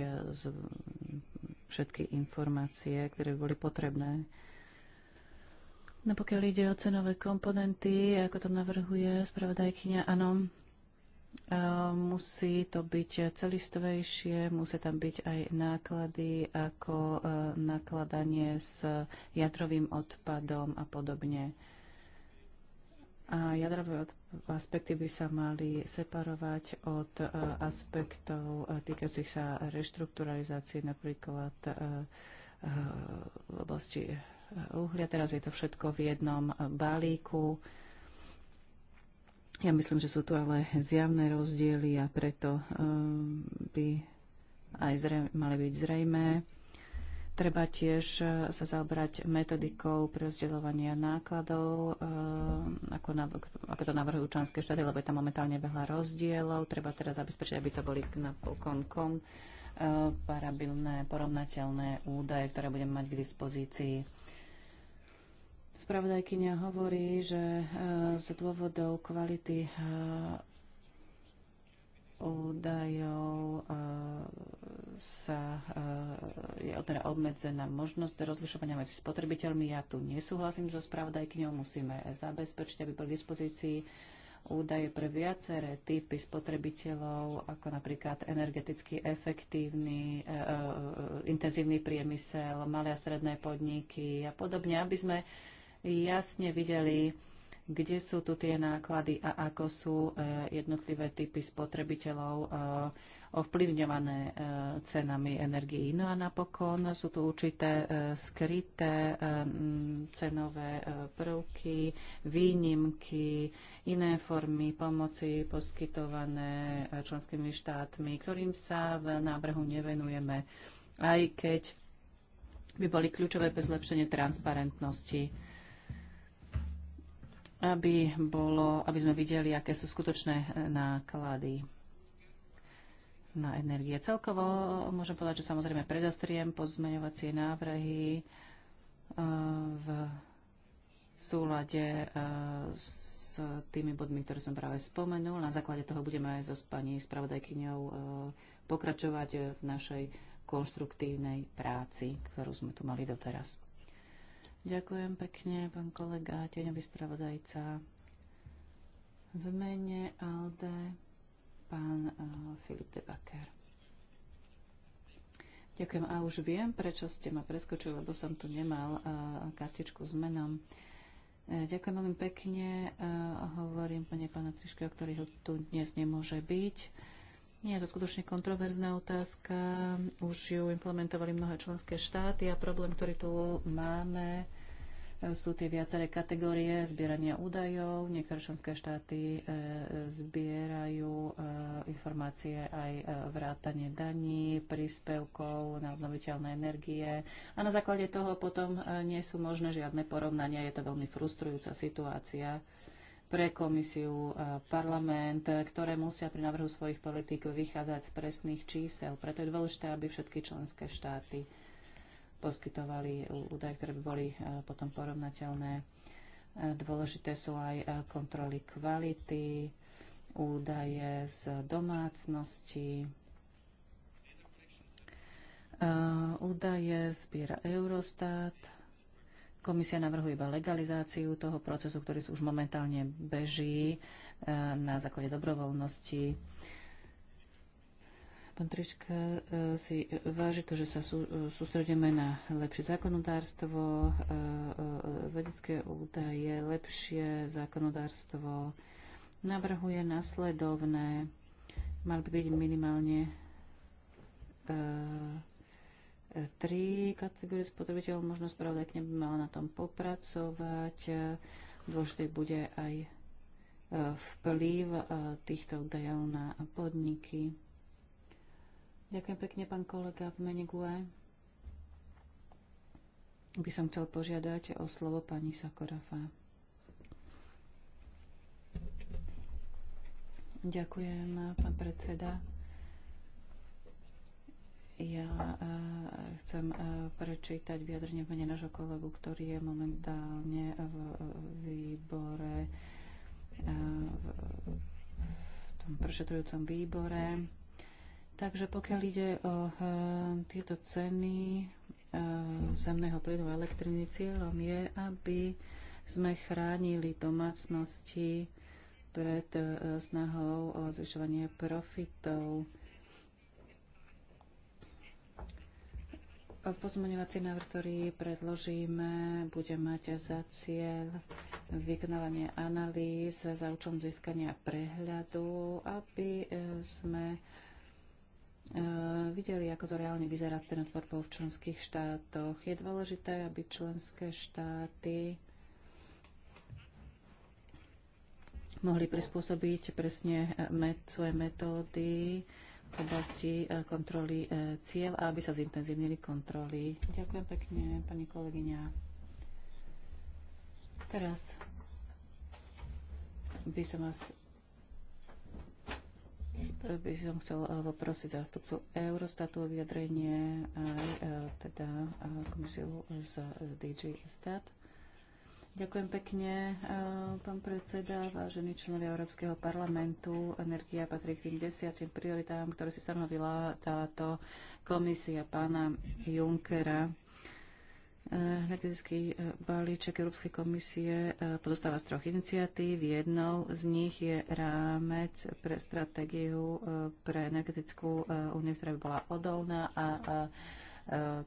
všetky informácie, ktoré by boli potrebné. No pokiaľ ide o cenové komponenty, ako to navrhuje spravodajkyňa, áno, musí to byť celistvejšie, musia tam byť aj náklady ako nakladanie s jadrovým odpadom a podobne. A jadrové aspekty by sa mali separovať od e, aspektov e, týkajúcich sa reštrukturalizácie, napríklad e, v oblasti uhlia. Teraz je to všetko v jednom balíku. Ja myslím, že sú tu ale zjavné rozdiely a preto by aj zrejme, mali byť zrejmé Treba tiež e, sa zaobrať metodikou pri rozdeľovania nákladov, e, ako, na, ako to navrhujú členské štáty, lebo je tam momentálne veľa rozdielov. Treba teraz zabezpečiť, aby to boli napokon kom e, parabilné, porovnateľné údaje, ktoré budeme mať k dispozícii. Spravodajkynia hovorí, že z dôvodov kvality údajov e, sa e, je teda obmedzená možnosť rozlišovania medzi spotrebiteľmi. Ja tu nesúhlasím so spravodajkyňou, musíme zabezpečiť, aby boli k dispozícii údaje pre viaceré typy spotrebiteľov, ako napríklad energeticky efektívny, e, intenzívny priemysel, malé a stredné podniky a podobne, aby sme jasne videli, kde sú tu tie náklady a ako sú e, jednotlivé typy spotrebiteľov e, ovplyvňované e, cenami energií. No a napokon sú tu určité skryté cenové prvky, výnimky, iné formy pomoci poskytované členskými štátmi, ktorým sa v návrhu nevenujeme, aj keď by boli kľúčové pre zlepšenie transparentnosti aby, bolo, aby sme videli, aké sú skutočné eh, náklady na energie. Celkovo eh, môžem povedať, že samozrejme predostriem pozmeňovacie návrhy eh, v súlade s tými bodmi, ktoré som práve spomenul. Na základe toho budeme aj so pani spravodajkyňou pokračovať v našej konštruktívnej práci, ktorú sme tu mali doteraz. Ďakujem pekne, pán kolega, tieňový spravodajca. V mene ALDE pán eh, Filip de Baker. Ďakujem a už viem, prečo ste ma preskočili, lebo som tu nemal eh, kartičku s menom. Eh, ďakujem veľmi pekne. Hovorím pane pána Trišky, o ktorých tu dnes nemôže byť. Nie je to skutočne kontroverzná otázka. Už ju implementovali mnohé členské štáty a problém, ktorý tu máme, sú tie viaceré kategórie zbierania údajov. Niektoré členské štáty e, zbierajú e, informácie aj e, vrátanie daní, príspevkov na obnoviteľné energie a na základe toho potom nie sú možné žiadne porovnania. Je to veľmi frustrujúca situácia pre komisiu, parlament, ktoré musia pri návrhu svojich politík vychádzať z presných čísel. Preto je dôležité, aby všetky členské štáty poskytovali údaje, ktoré by boli e, potom porovnateľné. E, dôležité sú aj e, kontroly kvality, údaje z domácnosti, údaje zbiera Eurostat. Komisia navrhuje iba legalizáciu toho procesu, ktorý už momentálne beží na základe dobrovoľnosti Pán Trička e, si váži to, že sa e, sústredíme na lepšie zákonodárstvo, e, vedecké údaje, lepšie zákonodárstvo. Navrhuje nasledovné, mal by byť minimálne tri kategórie spotrebiteľov, možno spravodajkne by mala na tom popracovať. Dôležité bude aj vplyv týchto údajov na podniky. Ďakujem pekne, pán kolega v mene GUE. By som chcel požiadať o slovo pani Sakorafa. Ďakujem, pán predseda. Ja e, chcem e, prečítať vyjadrenie v mene nášho kolegu, ktorý je momentálne v výbore, e, v tom prešetrujúcom výbore. Takže pokiaľ ide o eh, tieto ceny eh, zemného plynu a elektriny, cieľom je, aby sme chránili domácnosti pred eh, snahou o zvyšovanie profitov. Pozmeňovací návrh, ktorý predložíme, bude mať za cieľ vykonávanie analýz za účelom získania prehľadu, aby sme Eh, videli, ako to reálne vyzerá s tvorbou v členských štátoch. Je dôležité, aby členské štáty mohli prispôsobiť presne eh, met, svoje metódy v oblasti eh, kontroly cieľ a aby sa zintenzívnili kontroly. Ďakujem pekne, pani kolegyňa. Teraz by som vás by som chcel eh, poprosiť zástupcu Eurostatu o vyjadrenie aj eh, teda eh, komisiu z DG Stat. Ďakujem pekne, pán predseda, vážení členovia Európskeho parlamentu. Energia patrí k tým desiatim prioritám, ktoré si stanovila táto komisia pána Junckera Energetický e, balíček Európskej komisie e, pozostáva z troch iniciatív. Jednou z nich je rámec pre stratégiu e, pre energetickú úniu, ktorá by bola odolná a,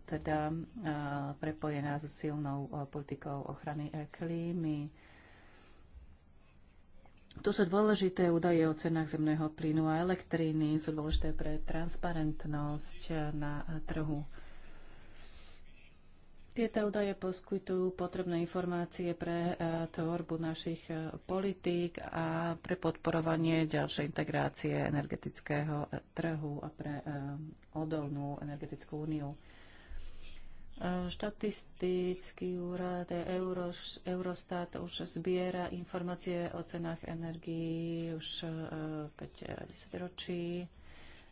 teda prepojená so silnou politikou ochrany klímy. Tu sú dôležité údaje o cenách zemného plynu a elektriny, sú dôležité pre transparentnosť na trhu. Tieto údaje poskytujú potrebné informácie pre e, tvorbu našich e, politík a pre podporovanie ďalšej integrácie energetického e, trhu a pre odolnú energetickú úniu. Štatistický úrad Eurostat už zbiera informácie o cenách energií už 5-10 ročí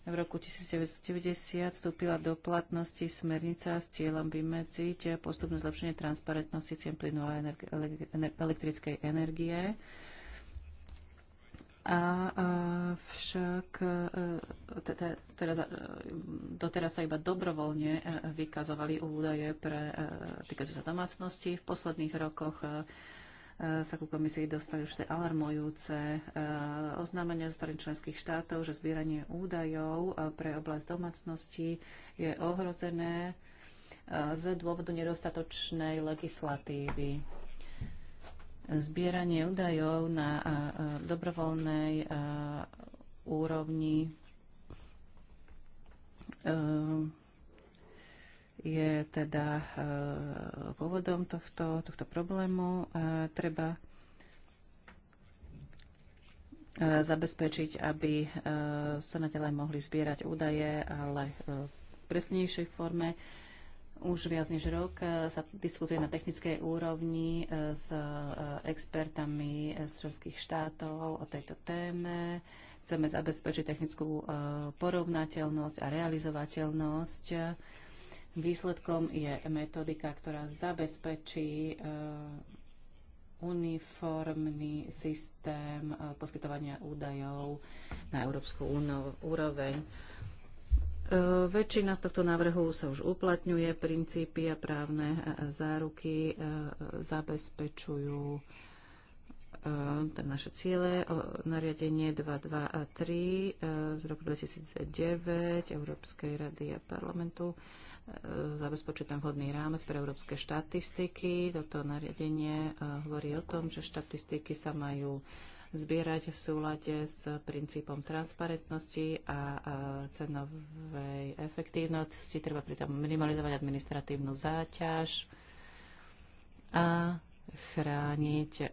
v roku 1990 vstúpila do platnosti smernica s cieľom vymedziť postupné zlepšenie transparentnosti cien plynu a elektrickej energie. A, a však e, teda, e, doteraz sa iba dobrovoľne e, vykazovali údaje pre týkajúce sa domácnosti. V posledných rokoch Eh, sa ku komisii dostali tie alarmujúce eh, oznámenia z strany členských štátov, že zbieranie údajov eh, pre oblasť domácnosti je ohrozené z dôvodu nedostatočnej legislatívy. Zbieranie údajov na dobrovoľnej úrovni je teda e, pôvodom tohto, tohto problému. E, treba e, zabezpečiť, aby sa naďalej mohli zbierať údaje, ale v presnejšej forme. Už viac než rok sa diskutuje na technickej úrovni s expertami z členských štátov o tejto téme. Chceme zabezpečiť technickú porovnateľnosť a realizovateľnosť Výsledkom je metodika, ktorá zabezpečí eh, uniformný systém eh, poskytovania údajov na európsku úroveň. Eh, väčšina z tohto návrhu sa už uplatňuje, princípy a právne záruky zabezpečujú naše ciele, nariadenie 2 a 3 z roku 2009 Európskej rady a parlamentu zabezpečiť tam vhodný rámec pre európske štatistiky. Toto nariadenie eh, hovorí o tom, že štatistiky sa majú zbierať v súlade s princípom transparentnosti a cenovej efektívnosti. Treba pritom minimalizovať administratívnu záťaž a chrániť eh, eh,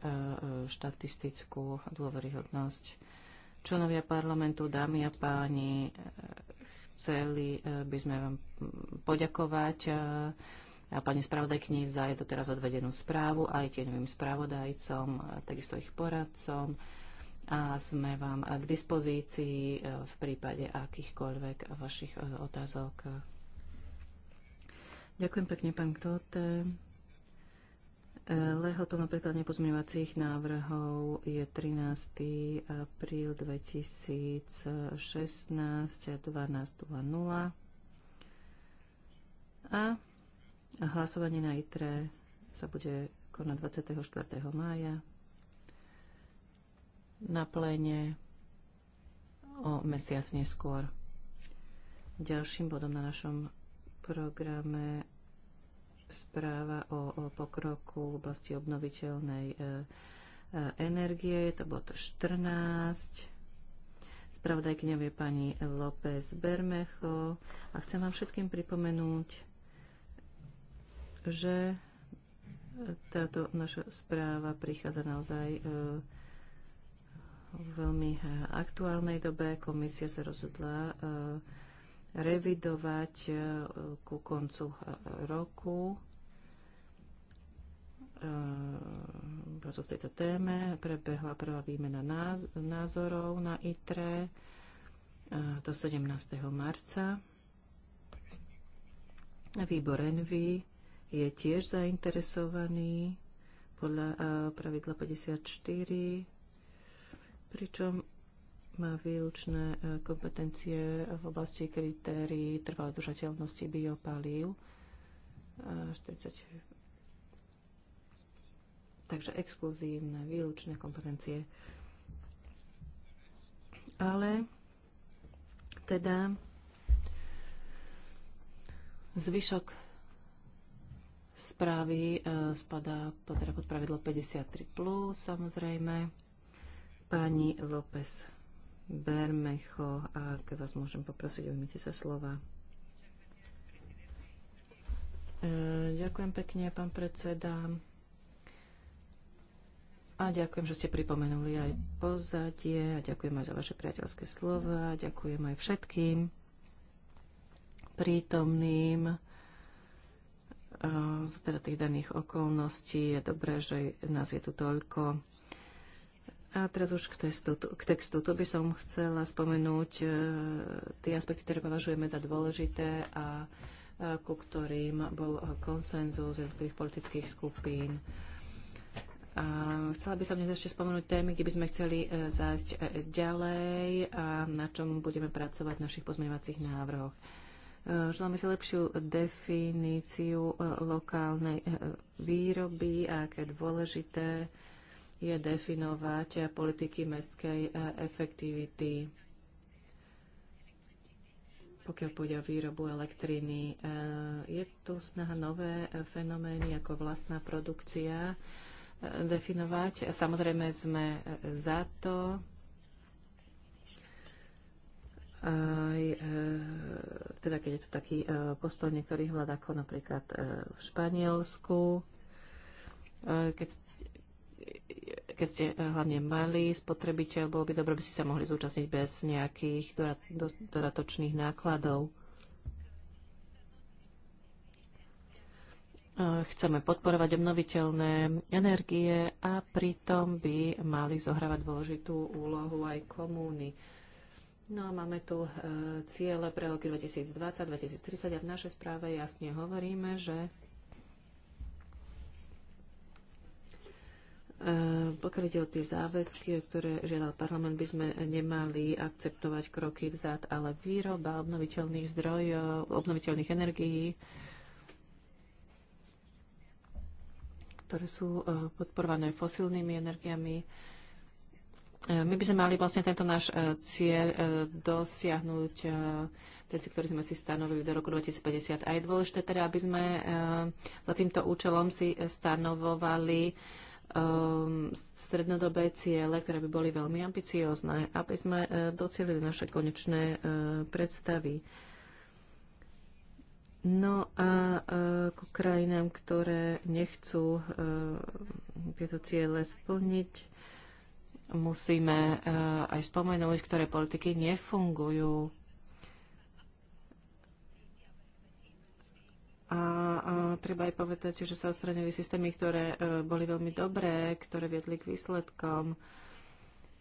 štatistickú dôveryhodnosť. Členovia parlamentu, dámy a páni, Chceli e, by sme vám poďakovať e, a pani spravodajkni za je to teraz odvedenú správu, aj tieňovým spravodajcom, takisto ich poradcom a sme vám e, k dispozícii v prípade akýchkoľvek vašich otázok. Ďakujem pekne, pán Krote. Lehotom napríklad nepozmývacích návrhov je 13. apríl 2016 12.00 a hlasovanie na ITRE sa bude konať 24. mája na pléne o mesiac neskôr. Ďalším bodom na našom programe správa o, o pokroku v oblasti obnoviteľnej e, e energie, to bolo to 14. Spravodajkyňou je pani López Bermecho a chcem vám všetkým pripomenúť, že táto naša správa prichádza naozaj e, v veľmi aktuálnej dobe. Komisia sa rozhodla e, revidovať e, ku koncu e, roku e, v tejto téme. Prebehla prvá výmena názorov na ITRE do 17. marca. Výbor Envy je tiež zainteresovaný podľa pravidla 54, pričom má výlučné e, kompetencie v oblasti kritérií trvalé držateľnosti biopalív. 40. E, Takže exkluzívne, výlučné kompetencie. Ale teda zvyšok správy e, spadá pod, teda pod pravidlo 53+, samozrejme, pani López Bermecho, ak vás môžem poprosiť, ujmite sa slova. E, ďakujem pekne, pán predseda. A ďakujem, že ste pripomenuli aj pozadie a ďakujem aj za vaše priateľské slova. Ďakujem aj všetkým prítomným e, z teda tých daných okolností. Je dobré, že nás je tu toľko. A teraz už k textu. K textu. Tu by som chcela spomenúť e, tie aspekty, ktoré považujeme za dôležité a e, ku ktorým bol konsenzus jednotlivých politických skupín. A chcela by som dnes ešte spomenúť témy, kde by sme chceli e, zájsť e, ďalej a na čom budeme pracovať v našich pozmeňovacích návrhoch. E, želáme si lepšiu definíciu e, lokálnej výroby a aké dôležité je definovať politiky mestskej eh, efektivity. Pokiaľ pôjde o výrobu elektriny, eh, je tu snaha nové eh, fenomény ako vlastná produkcia definovať. Samozrejme sme za to, aj teda keď je tu taký postoj niektorých vlád, ako napríklad v Španielsku, keď keď ste eh, hlavne mali spotrebiteľ, bolo by dobre, by ste sa mohli zúčastniť bez nejakých dodatočných nákladov. Eh, chceme podporovať obnoviteľné energie a pritom by mali zohrávať dôležitú úlohu aj komúny. No a máme tu e, ciele pre roky 2020-2030 a v našej správe jasne hovoríme, že Ehm, pokiaľ ide o tie záväzky, ktoré žiadal parlament, by sme nemali akceptovať kroky vzad, ale výroba obnoviteľných zdrojov, obnoviteľných energií, ktoré sú eh, podporované fosílnymi energiami, ehm, my by sme mali vlastne tento náš eh, cieľ eh, dosiahnuť, veci, ktoré sme si stanovili do roku 2050. A je dôležité teda, aby sme za týmto účelom si stanovovali um, strednodobé ciele, ktoré by boli veľmi ambiciozne, aby sme uh, e, docelili naše konečné uh, predstavy. No a e, k krajinám, ktoré nechcú tieto ciele splniť, musíme aj spomenúť, ktoré politiky nefungujú A, a treba aj povedať, že sa odstranili systémy, ktoré e, boli veľmi dobré, ktoré viedli k výsledkom.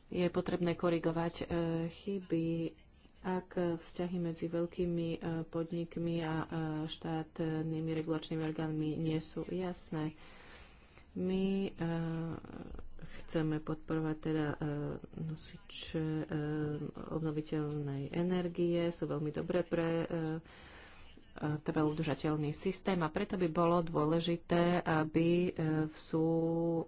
Je potrebné korigovať e, chyby, ak vzťahy medzi veľkými e, podnikmi a e, štátnymi regulačnými orgánmi nie sú jasné. My e, chceme podporovať teda e, nosiče e, obnoviteľnej energie, sú veľmi dobré pre. E, trvalo udržateľný systém a preto by bolo dôležité, aby eh, v sú eh,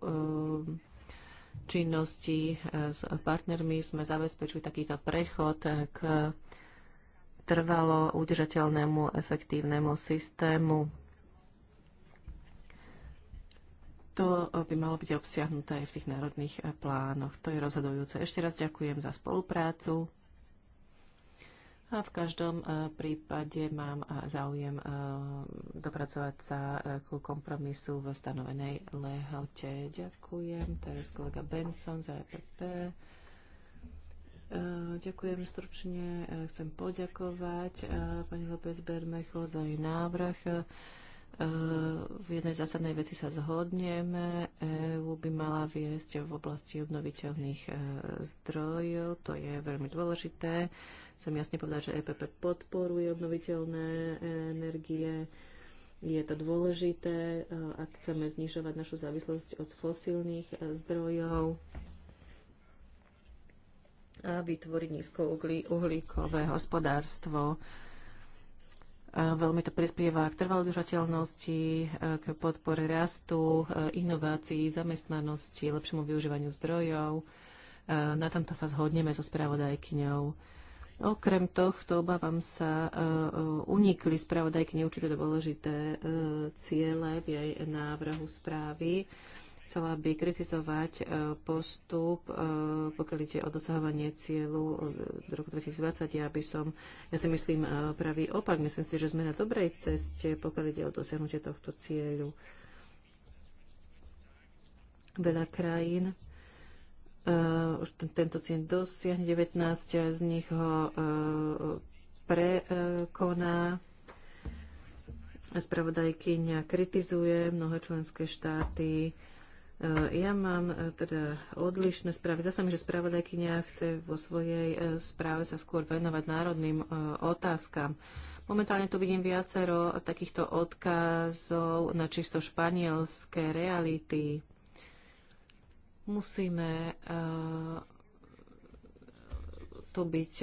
činnosti eh, s partnermi sme zabezpečili takýto prechod k trvalo udržateľnému efektívnemu systému. To by malo byť obsiahnuté aj v tých národných plánoch. To je rozhodujúce. Ešte raz ďakujem za spoluprácu a v každom e, prípade mám e, záujem e, dopracovať sa ku kompromisu v stanovenej lehote. Ďakujem. Teraz kolega Benson za EPP. Ďakujem stručne. Chcem poďakovať pani López Bermecho za jej návrh. V jednej zásadnej veci sa zhodneme. EU by mala viesť v oblasti obnoviteľných e, zdrojov. To je veľmi dôležité. Chcem jasne povedať, že EPP podporuje obnoviteľné e, energie. Je to dôležité, e, ak chceme znižovať našu závislosť od fosílnych zdrojov a vytvoriť nízkouhlíkové hospodárstvo. Veľmi to prispieva k trvalodržateľnosti, k podpore rastu, inovácií, zamestnanosti, lepšiemu využívaniu zdrojov. Na tomto sa zhodneme so spravodajkyňou. Okrem tohto, obávam sa, e, e, unikli spravodajky určite dôležité e, ciele v jej návrhu správy chcela by kritizovať e, postup, e, pokiaľ ide o dosahovanie cieľu e, do roku 2020. Ja by som, ja si myslím pravý opak. Myslím si, že sme na dobrej ceste, pokiaľ ide o dosiahnutie tohto cieľu. Veľa krajín Uh, už ten, tento cieľ dosiahne, 19 z nich ho uh, prekoná. Spravodajkyňa kritizuje mnohé členské štáty E, ja mám e, teda odlišné správy. Zdá sa mi, že spravodajkynia chce vo svojej e, správe sa skôr venovať národným otázkam. Momentálne tu vidím viacero takýchto odkazov na čisto španielské reality. Musíme tu byť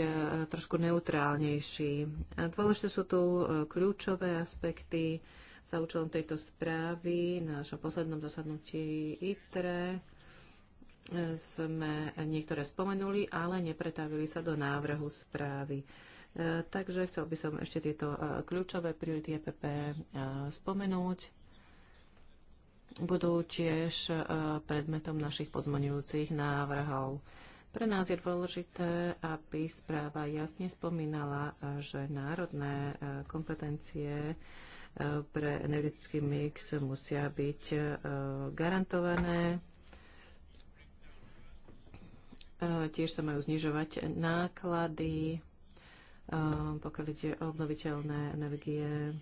trošku neutrálnejší. Dôležité sú tu kľúčové aspekty, za účelom tejto správy na našom poslednom zasadnutí ITRE sme niektoré spomenuli, ale nepretavili sa do návrhu správy. E, takže chcel by som ešte tieto e, kľúčové priority EPP e, spomenúť budú tiež predmetom našich pozmenujúcich návrhov. Pre nás je dôležité, aby správa jasne spomínala, eh, že národné eh, kompetencie eh, pre energetický mix musia byť garantované. Tiež sa majú znižovať náklady, pokiaľ ide o obnoviteľné energie.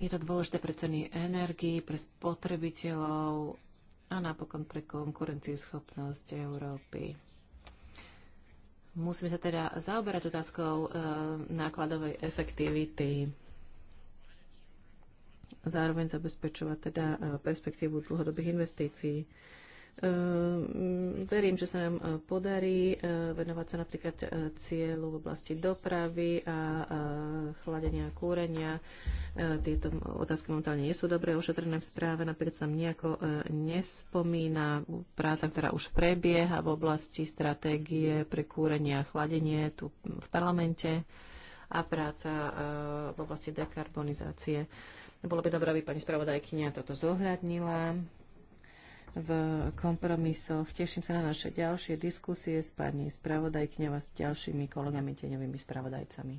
Je to dôležité pre ceny energii, pre spotrebiteľov, a napokon pre konkurencieschopnosť Európy. Musíme sa teda zaoberať otázkou e, nákladovej efektivity. Zároveň zabezpečovať teda e, perspektívu dlhodobých investícií. Ehm, verím, že sa nám e, podarí e, venovať sa napríklad e, cieľu v oblasti dopravy a chladenia a kúrenia. Tieto otázky momentálne nie sú dobre ošetrené v správe, napríklad sa nejako nespomína práca, ktorá už prebieha v oblasti stratégie pre kúrenie a chladenie tu v parlamente a práca v oblasti dekarbonizácie. Bolo by dobré, aby pani spravodajkynia toto zohľadnila v kompromisoch. Teším sa na naše ďalšie diskusie s pani spravodajkňou a s ďalšími kolegami tieňovými spravodajcami.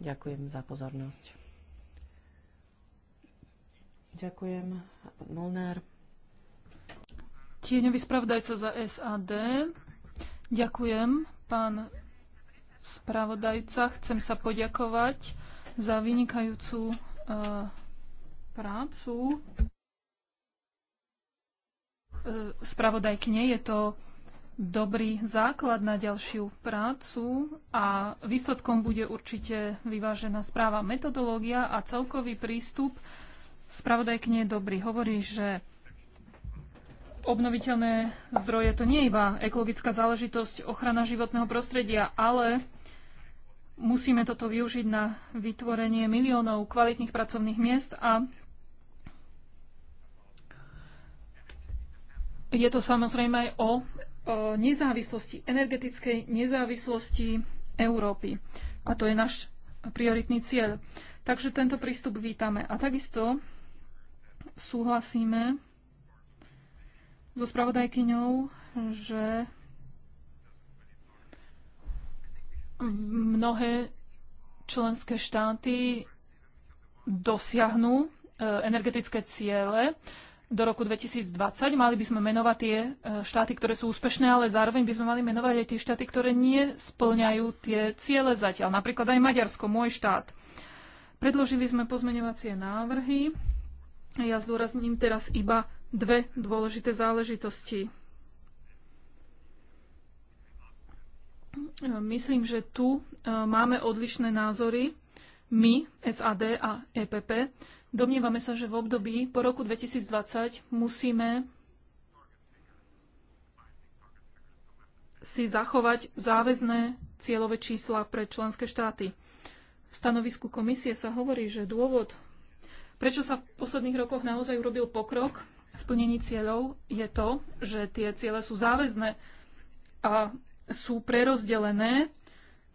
Ďakujem za pozornosť. Ďakujem. Molnár. Tieňový spravodajca za SAD. Ďakujem, pán spravodajca. Chcem sa poďakovať za vynikajúcu uh, prácu spravodajkyne, Je to dobrý základ na ďalšiu prácu a výsledkom bude určite vyvážená správa metodológia a celkový prístup je dobrý. Hovorí, že obnoviteľné zdroje to nie je iba ekologická záležitosť, ochrana životného prostredia, ale musíme toto využiť na vytvorenie miliónov kvalitných pracovných miest a je to samozrejme aj o nezávislosti, energetickej nezávislosti Európy. A to je náš prioritný cieľ. Takže tento prístup vítame. A takisto súhlasíme so spravodajkyňou, že mnohé členské štáty dosiahnu e, energetické ciele, do roku 2020. Mali by sme menovať tie e, štáty, ktoré sú úspešné, ale zároveň by sme mali menovať aj tie štáty, ktoré nie splňajú tie ciele zatiaľ. Napríklad aj Maďarsko, môj štát. Predložili sme pozmeňovacie návrhy. Ja zdôrazním teraz iba dve dôležité záležitosti. E, myslím, že tu e, máme odlišné názory my, SAD a EPP, Domnievame sa, že v období po roku 2020 musíme si zachovať záväzné cieľové čísla pre členské štáty. V stanovisku komisie sa hovorí, že dôvod, prečo sa v posledných rokoch naozaj urobil pokrok v plnení cieľov, je to, že tie ciele sú záväzné a sú prerozdelené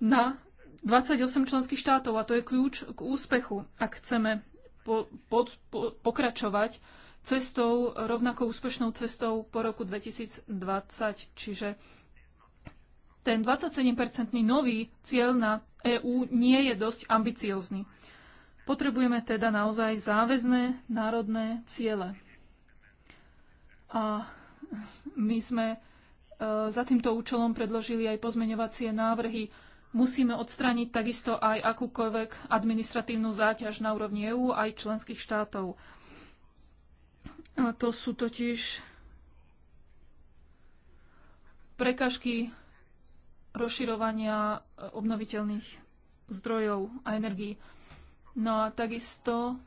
na 28 členských štátov a to je kľúč k úspechu, ak chceme po, pod, po, pokračovať cestou, rovnako úspešnou cestou po roku 2020. Čiže ten 27-percentný nový cieľ na EÚ nie je dosť ambiciózny. Potrebujeme teda naozaj záväzné národné ciele. A my sme e, za týmto účelom predložili aj pozmeňovacie návrhy Musíme odstrániť takisto aj akúkoľvek administratívnu záťaž na úrovni EÚ aj členských štátov. A to sú totiž prekažky rozširovania e, obnoviteľných zdrojov a energií. No a takisto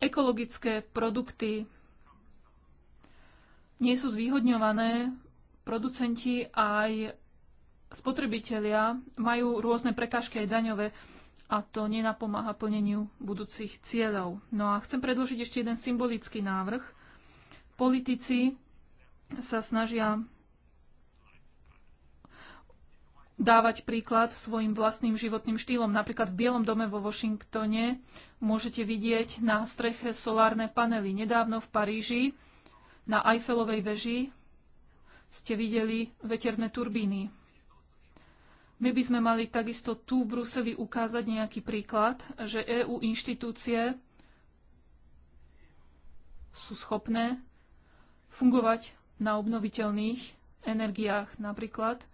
ekologické produkty nie sú zvýhodňované producenti aj spotrebitelia majú rôzne prekážky aj daňové a to nenapomáha plneniu budúcich cieľov. No a chcem predložiť ešte jeden symbolický návrh. Politici sa snažia dávať príklad svojim vlastným životným štýlom. Napríklad v Bielom dome vo Washingtone môžete vidieť na streche solárne panely. Nedávno v Paríži na Eiffelovej veži ste videli veterné turbíny. My by sme mali takisto tu v Bruseli ukázať nejaký príklad, že EU inštitúcie sú schopné fungovať na obnoviteľných energiách napríklad.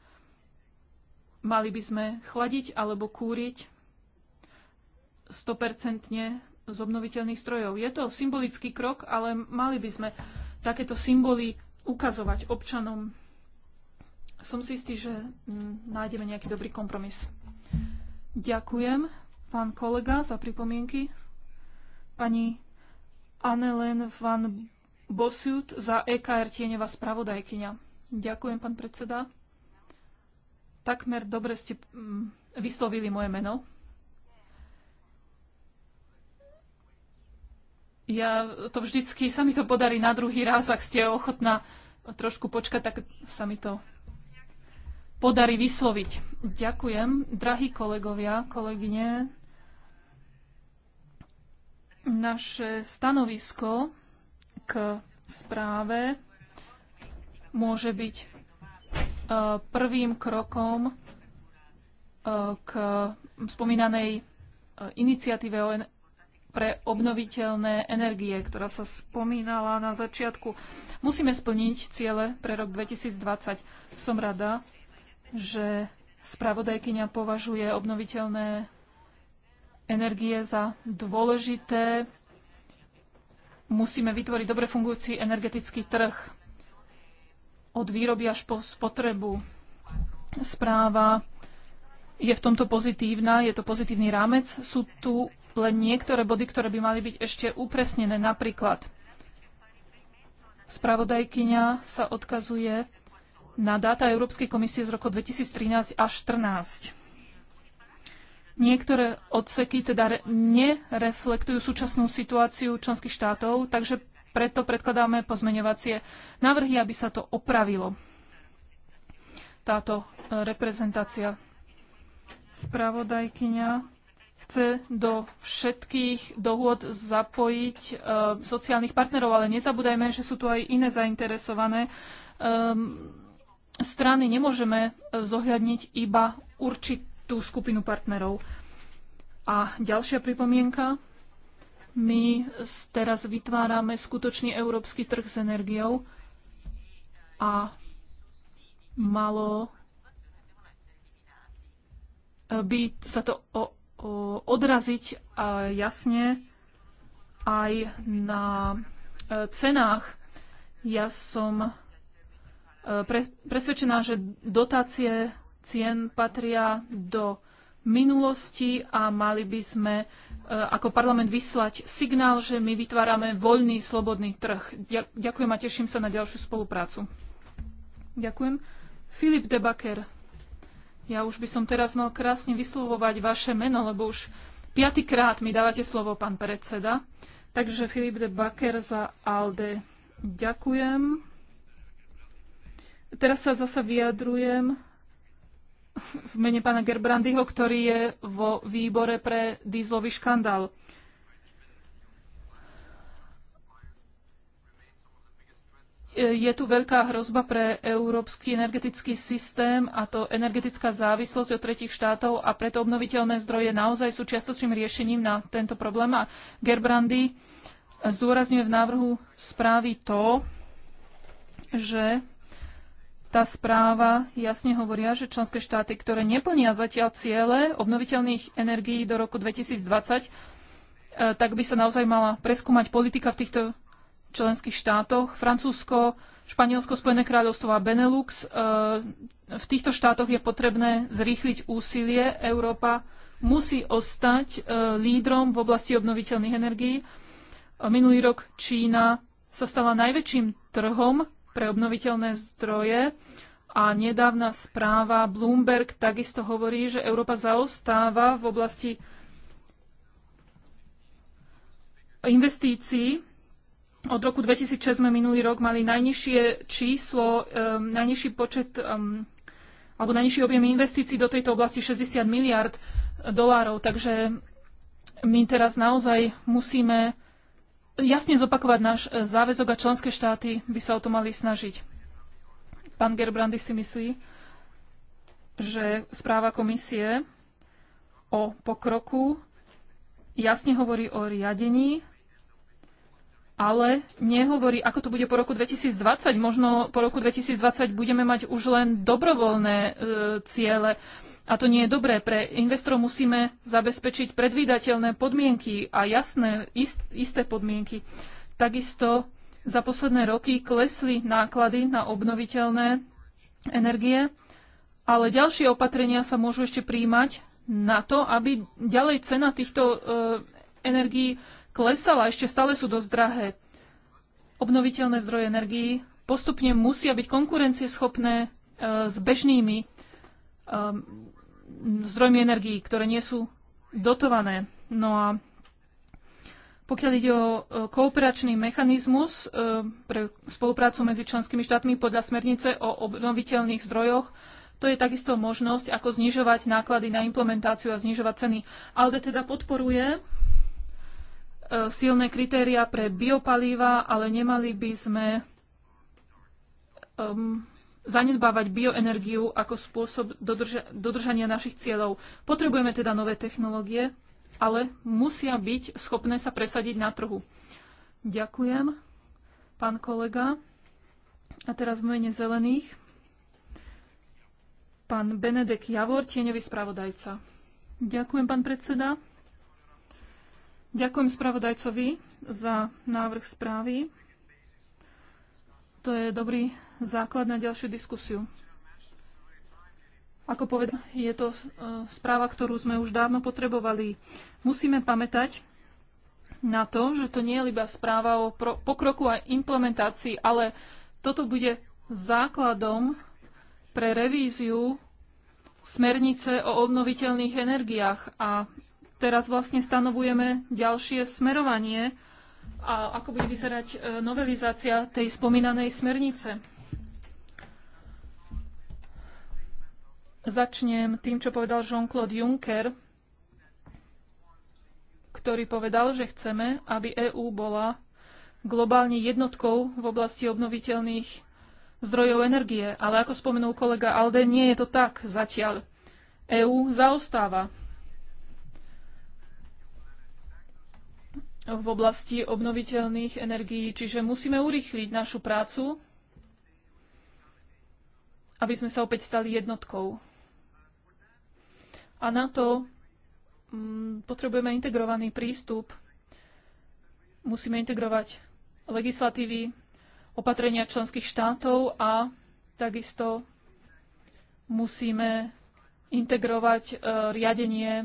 Mali by sme chladiť alebo kúriť 100% z obnoviteľných strojov. Je to symbolický krok, ale mali by sme takéto symboly ukazovať občanom som si istý, že mm, nájdeme nejaký dobrý kompromis. Ďakujem, pán kolega, za pripomienky. Pani Annelen van Bosut za EKR Tieneva spravodajkyňa. Ďakujem, pán predseda. Takmer dobre ste mm, vyslovili moje meno. Ja to vždycky, sa mi to podarí na druhý raz, ak ste ochotná trošku počkať, tak sa mi to podarí vysloviť. Ďakujem, drahí kolegovia, kolegyne. Naše stanovisko k správe môže byť e, prvým krokom e, k spomínanej e, iniciatíve pre obnoviteľné energie, ktorá sa spomínala na začiatku. Musíme splniť ciele pre rok 2020. Som rada, že spravodajkyňa považuje obnoviteľné energie za dôležité. Musíme vytvoriť dobre fungujúci energetický trh od výroby až po spotrebu. Správa je v tomto pozitívna, je to pozitívny rámec. Sú tu len niektoré body, ktoré by mali byť ešte upresnené. Napríklad spravodajkyňa sa odkazuje na dáta Európskej komisie z roku 2013 až 2014. Niektoré odseky teda nereflektujú súčasnú situáciu členských štátov, takže preto predkladáme pozmeňovacie návrhy, aby sa to opravilo. Táto e, reprezentácia spravodajkyňa chce do všetkých dohôd zapojiť e, sociálnych partnerov, ale nezabúdajme, že sú tu aj iné zainteresované ehm, strany nemôžeme e, zohľadniť iba určitú skupinu partnerov. A ďalšia pripomienka. My teraz vytvárame skutočný európsky trh s energiou a malo by sa to o, o, odraziť e, jasne aj na e, cenách. Ja som E, presvedčená, že dotácie cien patria do minulosti a mali by sme e, ako parlament vyslať signál, že my vytvárame voľný, slobodný trh. Ďakujem a teším sa na ďalšiu spoluprácu. Ďakujem. Filip Debaker. Ja už by som teraz mal krásne vyslovovať vaše meno, lebo už piatýkrát mi dávate slovo, pán predseda. Takže Filip de Baker za ALDE. Ďakujem. Teraz sa zasa vyjadrujem v mene pána Gerbrandyho, ktorý je vo výbore pre dízlový škandál. Je tu veľká hrozba pre európsky energetický systém a to energetická závislosť od tretich štátov a preto obnoviteľné zdroje naozaj sú čiastočným riešením na tento problém. A Gerbrandy zdôrazňuje v návrhu správy to, že tá správa jasne hovoria, že členské štáty, ktoré neplnia zatiaľ ciele obnoviteľných energií do roku 2020, e, tak by sa naozaj mala preskúmať politika v týchto členských štátoch. Francúzsko, Španielsko, Spojené kráľovstvo a Benelux. E, v týchto štátoch je potrebné zrýchliť úsilie. Európa musí ostať e, lídrom v oblasti obnoviteľných energií. Minulý rok Čína sa stala najväčším trhom pre obnoviteľné zdroje. A nedávna správa Bloomberg takisto hovorí, že Európa zaostáva v oblasti investícií. Od roku 2006 sme minulý rok mali najnižšie číslo, um, najnižší počet um, alebo najnižší objem investícií do tejto oblasti 60 miliard dolárov. Takže my teraz naozaj musíme jasne zopakovať náš e, záväzok a členské štáty by sa o to mali snažiť. Pán Gerbrandy si myslí, že správa komisie o pokroku jasne hovorí o riadení, ale nehovorí, ako to bude po roku 2020. Možno po roku 2020 budeme mať už len dobrovoľné e, ciele. A to nie je dobré. Pre investorov musíme zabezpečiť predvídateľné podmienky a jasné, ist, isté podmienky. Takisto za posledné roky klesli náklady na obnoviteľné energie, ale ďalšie opatrenia sa môžu ešte príjmať na to, aby ďalej cena týchto e, energií klesala. Ešte stále sú dosť drahé. Obnoviteľné zdroje energií postupne musia byť konkurencieschopné e, s bežnými Um, zdrojmi energii, ktoré nie sú dotované. No a pokiaľ ide o kooperačný mechanizmus um, pre spoluprácu medzi členskými štátmi podľa smernice o obnoviteľných zdrojoch, to je takisto možnosť, ako znižovať náklady na implementáciu a znižovať ceny. ALDE teda podporuje uh, silné kritéria pre biopalíva, ale nemali by sme um, zanedbávať bioenergiu ako spôsob dodrža- dodržania našich cieľov. Potrebujeme teda nové technológie, ale musia byť schopné sa presadiť na trhu. Ďakujem, pán kolega. A teraz v mene zelených pán Benedek Javor, tieňový spravodajca. Ďakujem, pán predseda. Ďakujem spravodajcovi za návrh správy. To je dobrý základ na ďalšiu diskusiu. Ako povedal, je to e, správa, ktorú sme už dávno potrebovali. Musíme pamätať na to, že to nie je iba správa o pokroku a implementácii, ale toto bude základom pre revíziu smernice o obnoviteľných energiách a teraz vlastne stanovujeme ďalšie smerovanie a ako bude vyzerať e, novelizácia tej spomínanej smernice. Začnem tým, čo povedal Jean-Claude Juncker, ktorý povedal, že chceme, aby EÚ bola globálne jednotkou v oblasti obnoviteľných zdrojov energie. Ale ako spomenul kolega Alde, nie je to tak zatiaľ. EÚ zaostáva v oblasti obnoviteľných energií, čiže musíme urýchliť našu prácu, aby sme sa opäť stali jednotkou. A na to mm, potrebujeme integrovaný prístup. Musíme integrovať legislatívy, opatrenia členských štátov a takisto musíme integrovať e, riadenie e,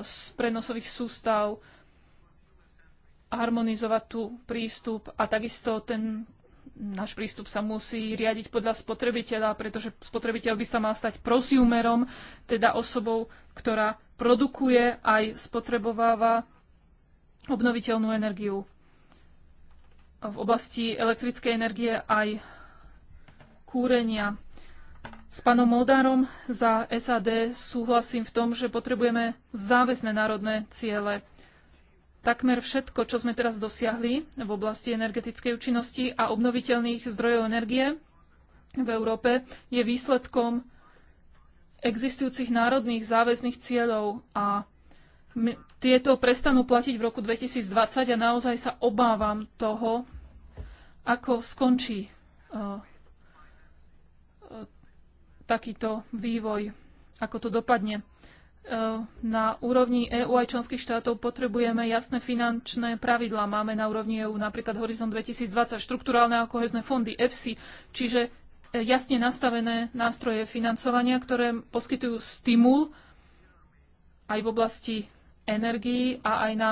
z prenosových sústav, harmonizovať tu prístup a takisto ten náš prístup sa musí riadiť podľa spotrebiteľa, pretože spotrebiteľ by sa mal stať prosumerom, teda osobou, ktorá produkuje aj spotrebováva obnoviteľnú energiu. V oblasti elektrickej energie aj kúrenia. S pánom Moldárom za SAD súhlasím v tom, že potrebujeme záväzné národné ciele. Takmer všetko, čo sme teraz dosiahli v oblasti energetickej účinnosti a obnoviteľných zdrojov energie v Európe, je výsledkom existujúcich národných záväzných cieľov a tieto prestanú platiť v roku 2020 a naozaj sa obávam toho, ako skončí e, e, takýto vývoj, ako to dopadne. E, na úrovni EÚ aj členských štátov potrebujeme jasné finančné pravidlá. Máme na úrovni EÚ napríklad Horizon 2020, štruktúrálne a kohezné fondy EFSI, čiže jasne nastavené nástroje financovania, ktoré poskytujú stimul aj v oblasti energií a aj na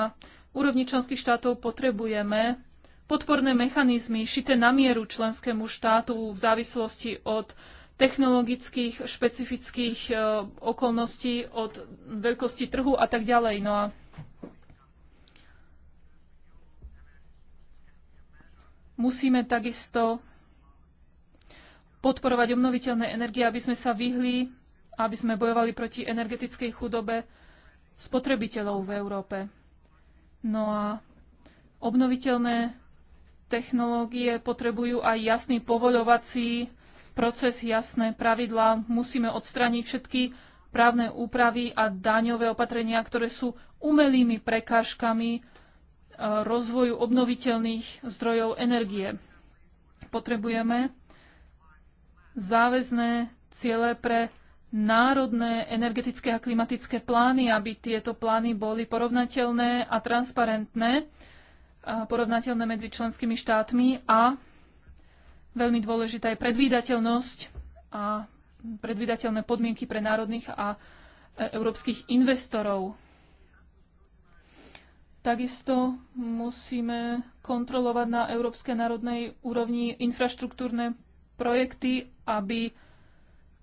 úrovni členských štátov potrebujeme podporné mechanizmy šité na mieru členskému štátu v závislosti od technologických, špecifických e, okolností, od veľkosti trhu a tak ďalej. No a musíme takisto podporovať obnoviteľné energie, aby sme sa vyhli, aby sme bojovali proti energetickej chudobe spotrebiteľov v Európe. No a obnoviteľné technológie potrebujú aj jasný povoľovací proces, jasné pravidlá. Musíme odstrániť všetky právne úpravy a daňové opatrenia, ktoré sú umelými prekážkami e, rozvoju obnoviteľných zdrojov energie. Potrebujeme záväzné ciele pre národné energetické a klimatické plány, aby tieto plány boli porovnateľné a transparentné, a porovnateľné medzi členskými štátmi a veľmi dôležitá je predvídateľnosť a predvídateľné podmienky pre národných a e, európskych investorov. Takisto musíme kontrolovať na európskej národnej úrovni infraštruktúrne projekty, aby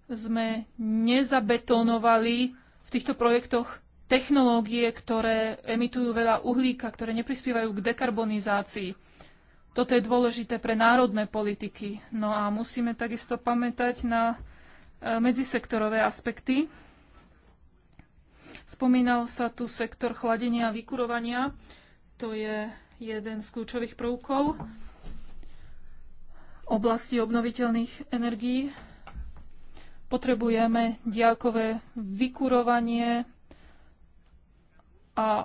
sme nezabetonovali v týchto projektoch technológie, ktoré emitujú veľa uhlíka, ktoré neprispievajú k dekarbonizácii. Toto je dôležité pre národné politiky. No a musíme takisto pamätať na e, medzisektorové aspekty. Spomínal sa tu sektor chladenia a vykurovania. To je jeden z kľúčových prvkov oblasti obnoviteľných energií. Potrebujeme diálkové vykurovanie a e,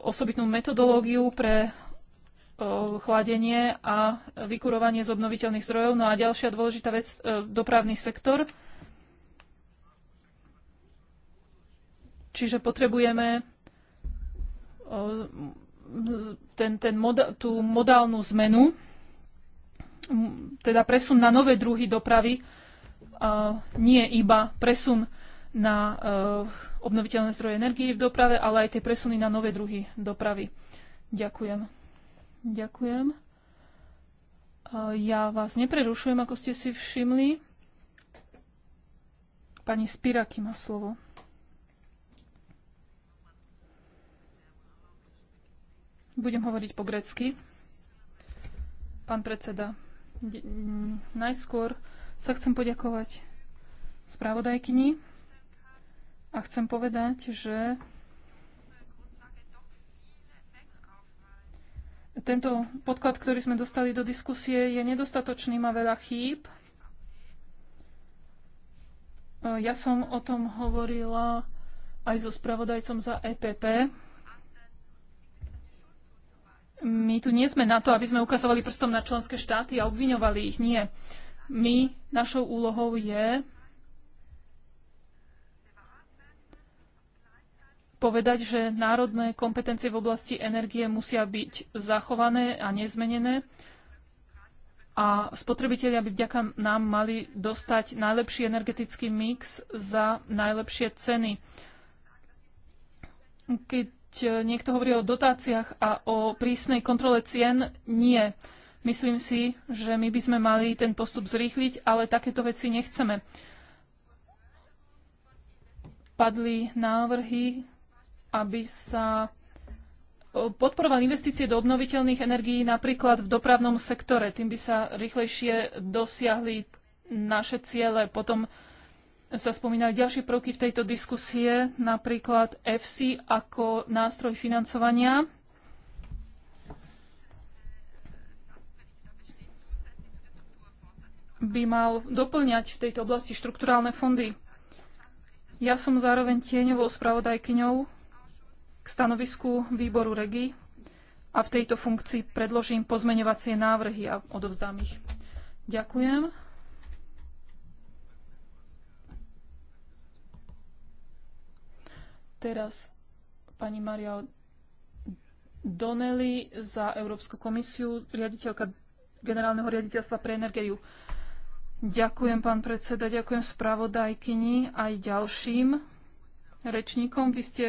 osobitnú metodológiu pre e, chladenie a vykurovanie z obnoviteľných zdrojov. No a ďalšia dôležitá vec, e, dopravný sektor. Čiže potrebujeme e, ten, ten moda, tú modálnu zmenu teda presun na nové druhy dopravy, nie iba presun na e, obnoviteľné zdroje energie v doprave, ale aj tie presuny na nové druhy dopravy. Ďakujem. Ďakujem. E, ja vás neprerušujem, ako ste si všimli. Pani Spiraky má slovo. Budem hovoriť po grecky. Pán predseda, Mm, najskôr sa chcem poďakovať spravodajkyni a chcem povedať, že tento podklad, ktorý sme dostali do diskusie, je nedostatočný, má veľa chýb. Ja som o tom hovorila aj so spravodajcom za EPP, my tu nie sme na to, aby sme ukazovali prstom na členské štáty a obviňovali ich. Nie. My, našou úlohou je povedať, že národné kompetencie v oblasti energie musia byť zachované a nezmenené a spotrebitelia by vďaka nám mali dostať najlepší energetický mix za najlepšie ceny. Keď keď e, niekto hovorí o dotáciách a o prísnej kontrole cien, nie. Myslím si, že my by sme mali ten postup zrýchliť, ale takéto veci nechceme. Padli návrhy, aby sa e, podporovali investície do obnoviteľných energií napríklad v dopravnom sektore. Tým by sa rýchlejšie dosiahli naše ciele. Potom sa spomínali ďalšie prvky v tejto diskusie, napríklad FC ako nástroj financovania. by mal doplňať v tejto oblasti štrukturálne fondy. Ja som zároveň tieňovou spravodajkyňou k stanovisku výboru REGI a v tejto funkcii predložím pozmeňovacie návrhy a odovzdám ich. Ďakujem. Teraz pani Maria Donnelly za Európsku komisiu, riaditeľka generálneho riaditeľstva pre energiu. Ďakujem, pán predseda, ďakujem spravodajkyni aj ďalším rečníkom. Vy ste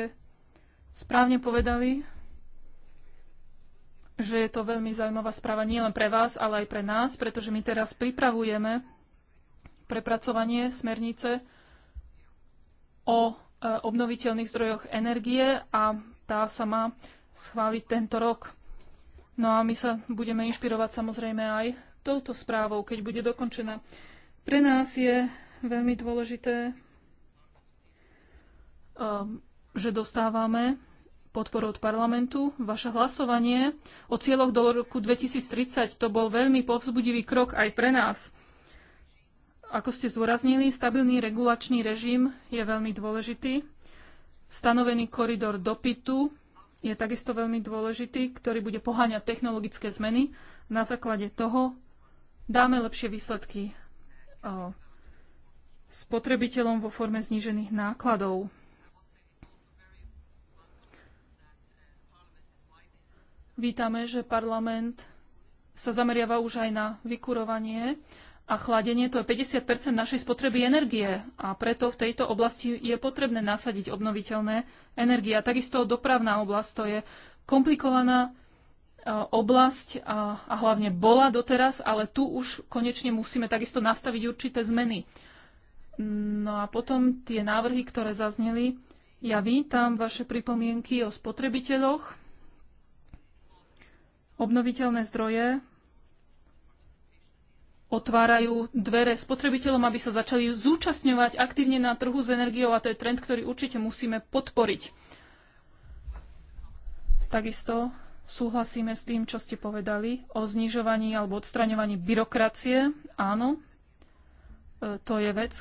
správne povedali, že je to veľmi zaujímavá správa nielen pre vás, ale aj pre nás, pretože my teraz pripravujeme prepracovanie smernice o E, obnoviteľných zdrojoch energie a tá sa má schváliť tento rok. No a my sa budeme inšpirovať samozrejme aj touto správou, keď bude dokončená. Pre nás je veľmi dôležité, e, že dostávame podporu od parlamentu. Vaše hlasovanie o cieľoch do roku 2030 to bol veľmi povzbudivý krok aj pre nás. Ako ste zdôraznili, stabilný regulačný režim je veľmi dôležitý. Stanovený koridor dopytu je takisto veľmi dôležitý, ktorý bude poháňať technologické zmeny. Na základe toho dáme lepšie výsledky spotrebiteľom vo forme znížených nákladov. Vítame, že parlament sa zameriava už aj na vykurovanie a chladenie to je 50 našej spotreby energie a preto v tejto oblasti je potrebné nasadiť obnoviteľné energie. A takisto dopravná oblasť to je komplikovaná e, oblasť a, a hlavne bola doteraz, ale tu už konečne musíme takisto nastaviť určité zmeny. No a potom tie návrhy, ktoré zazneli. Ja vítam vaše pripomienky o spotrebiteľoch, obnoviteľné zdroje, otvárajú dvere spotrebiteľom, aby sa začali zúčastňovať aktívne na trhu s energiou a to je trend, ktorý určite musíme podporiť. Takisto súhlasíme s tým, čo ste povedali o znižovaní alebo odstraňovaní byrokracie. Áno, e, to je vec,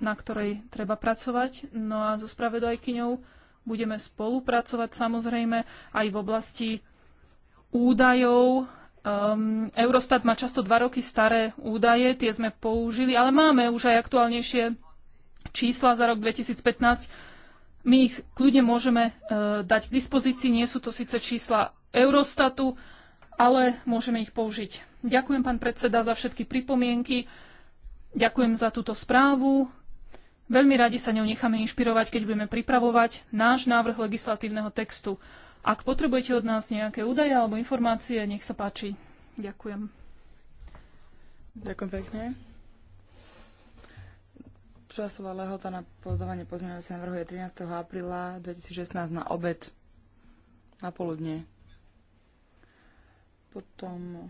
na ktorej treba pracovať. No a so spravedajkyňou budeme spolupracovať samozrejme aj v oblasti údajov Um, Eurostat má často dva roky staré údaje, tie sme použili, ale máme už aj aktuálnejšie čísla za rok 2015. My ich kľudne môžeme uh, dať k dispozícii, nie sú to síce čísla Eurostatu, ale môžeme ich použiť. Ďakujem, pán predseda, za všetky pripomienky. Ďakujem za túto správu. Veľmi radi sa ňou necháme inšpirovať, keď budeme pripravovať náš návrh legislatívneho textu. Ak potrebujete od nás nejaké údaje alebo informácie, nech sa páči. Ďakujem. Ďakujem pekne. Časová lehota na podávanie pozmeňovacieho návrhu je 13. apríla 2016 na obed, na poludne. Potom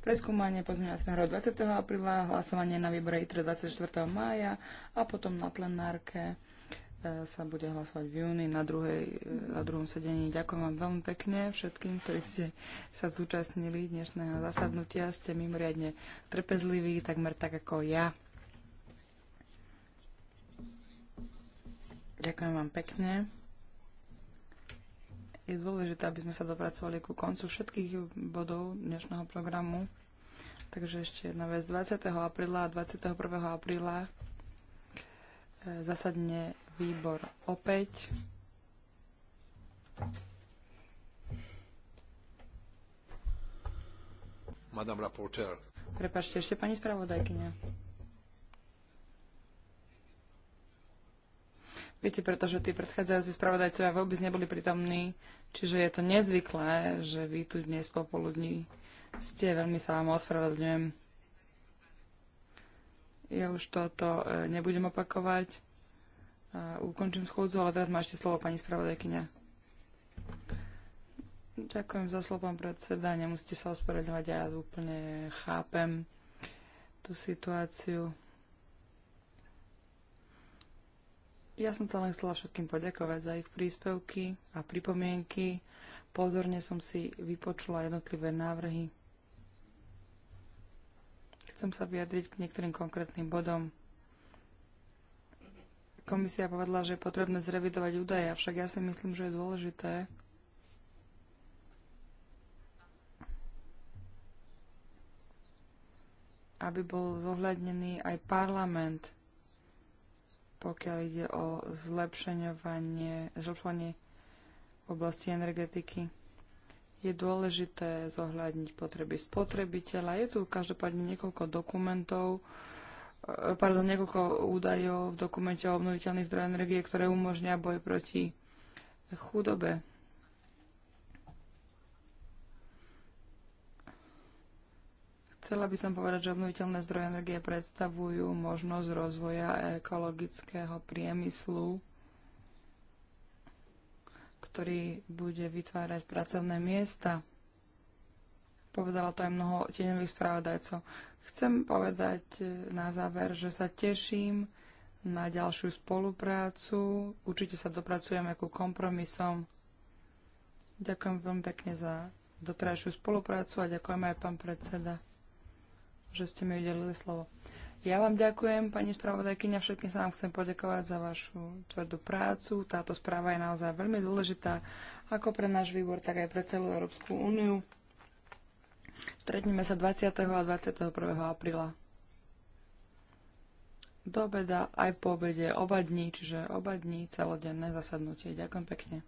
preskúmanie pozmeňovacieho návrhu 20. apríla, hlasovanie na výbore ITRE 24. mája a potom na plenárke sa bude hlasovať v júni na, druhej, na druhom sedení. Ďakujem vám veľmi pekne všetkým, ktorí ste sa zúčastnili dnešného zasadnutia. Ste mimoriadne trpezliví, takmer tak ako ja. Ďakujem vám pekne. Je dôležité, aby sme sa dopracovali ku koncu všetkých bodov dnešného programu. Takže ešte jedna vec. 20. apríla a 21. apríla e, zasadne výbor opäť. Madame Rapporteur. Prepačte, ešte pani spravodajkyňa. Viete, pretože tí predchádzajúci spravodajcovia vôbec neboli pritomní, čiže je to nezvyklé, že vy tu dnes popoludní ste. Veľmi sa vám ospravedlňujem. Ja už toto e, nebudem opakovať ukončím schôdzu, ale teraz má ešte slovo pani spravodajkyňa. Ďakujem za slovo, pán predseda. Nemusíte sa ospravedlňovať, ja úplne chápem tú situáciu. Ja som sa len chcela všetkým poďakovať za ich príspevky a pripomienky. Pozorne som si vypočula jednotlivé návrhy. Chcem sa vyjadriť k niektorým konkrétnym bodom. Komisia povedala, že je potrebné zrevidovať údaje, avšak ja si myslím, že je dôležité, aby bol zohľadnený aj parlament, pokiaľ ide o zlepšenie v oblasti energetiky. Je dôležité zohľadniť potreby spotrebiteľa. Je tu každopádne niekoľko dokumentov, Eh, pardon, niekoľko údajov v dokumente o obnoviteľných zdrojoch energie, ktoré umožňa boj proti chudobe. Chcela by som povedať, že obnoviteľné zdroje energie predstavujú možnosť rozvoja ekologického priemyslu, ktorý bude vytvárať pracovné miesta. Povedala to aj mnoho tieňových správodajcov. Chcem povedať e, na záver, že sa teším na ďalšiu spoluprácu. Určite sa dopracujeme ku kompromisom. Ďakujem veľmi pekne za doterajšiu spoluprácu a ďakujem aj pán predseda, že ste mi udelili slovo. Ja vám ďakujem, pani spravodajkyňa, všetkým sa vám chcem poďakovať za vašu tvrdú prácu. Táto správa je naozaj veľmi dôležitá, ako pre náš výbor, tak aj pre celú Európsku úniu. Stretneme sa 20. a 21. apríla. Do obeda aj po obede, oba dní, čiže oba dní, celodenné zasadnutie. Ďakujem pekne.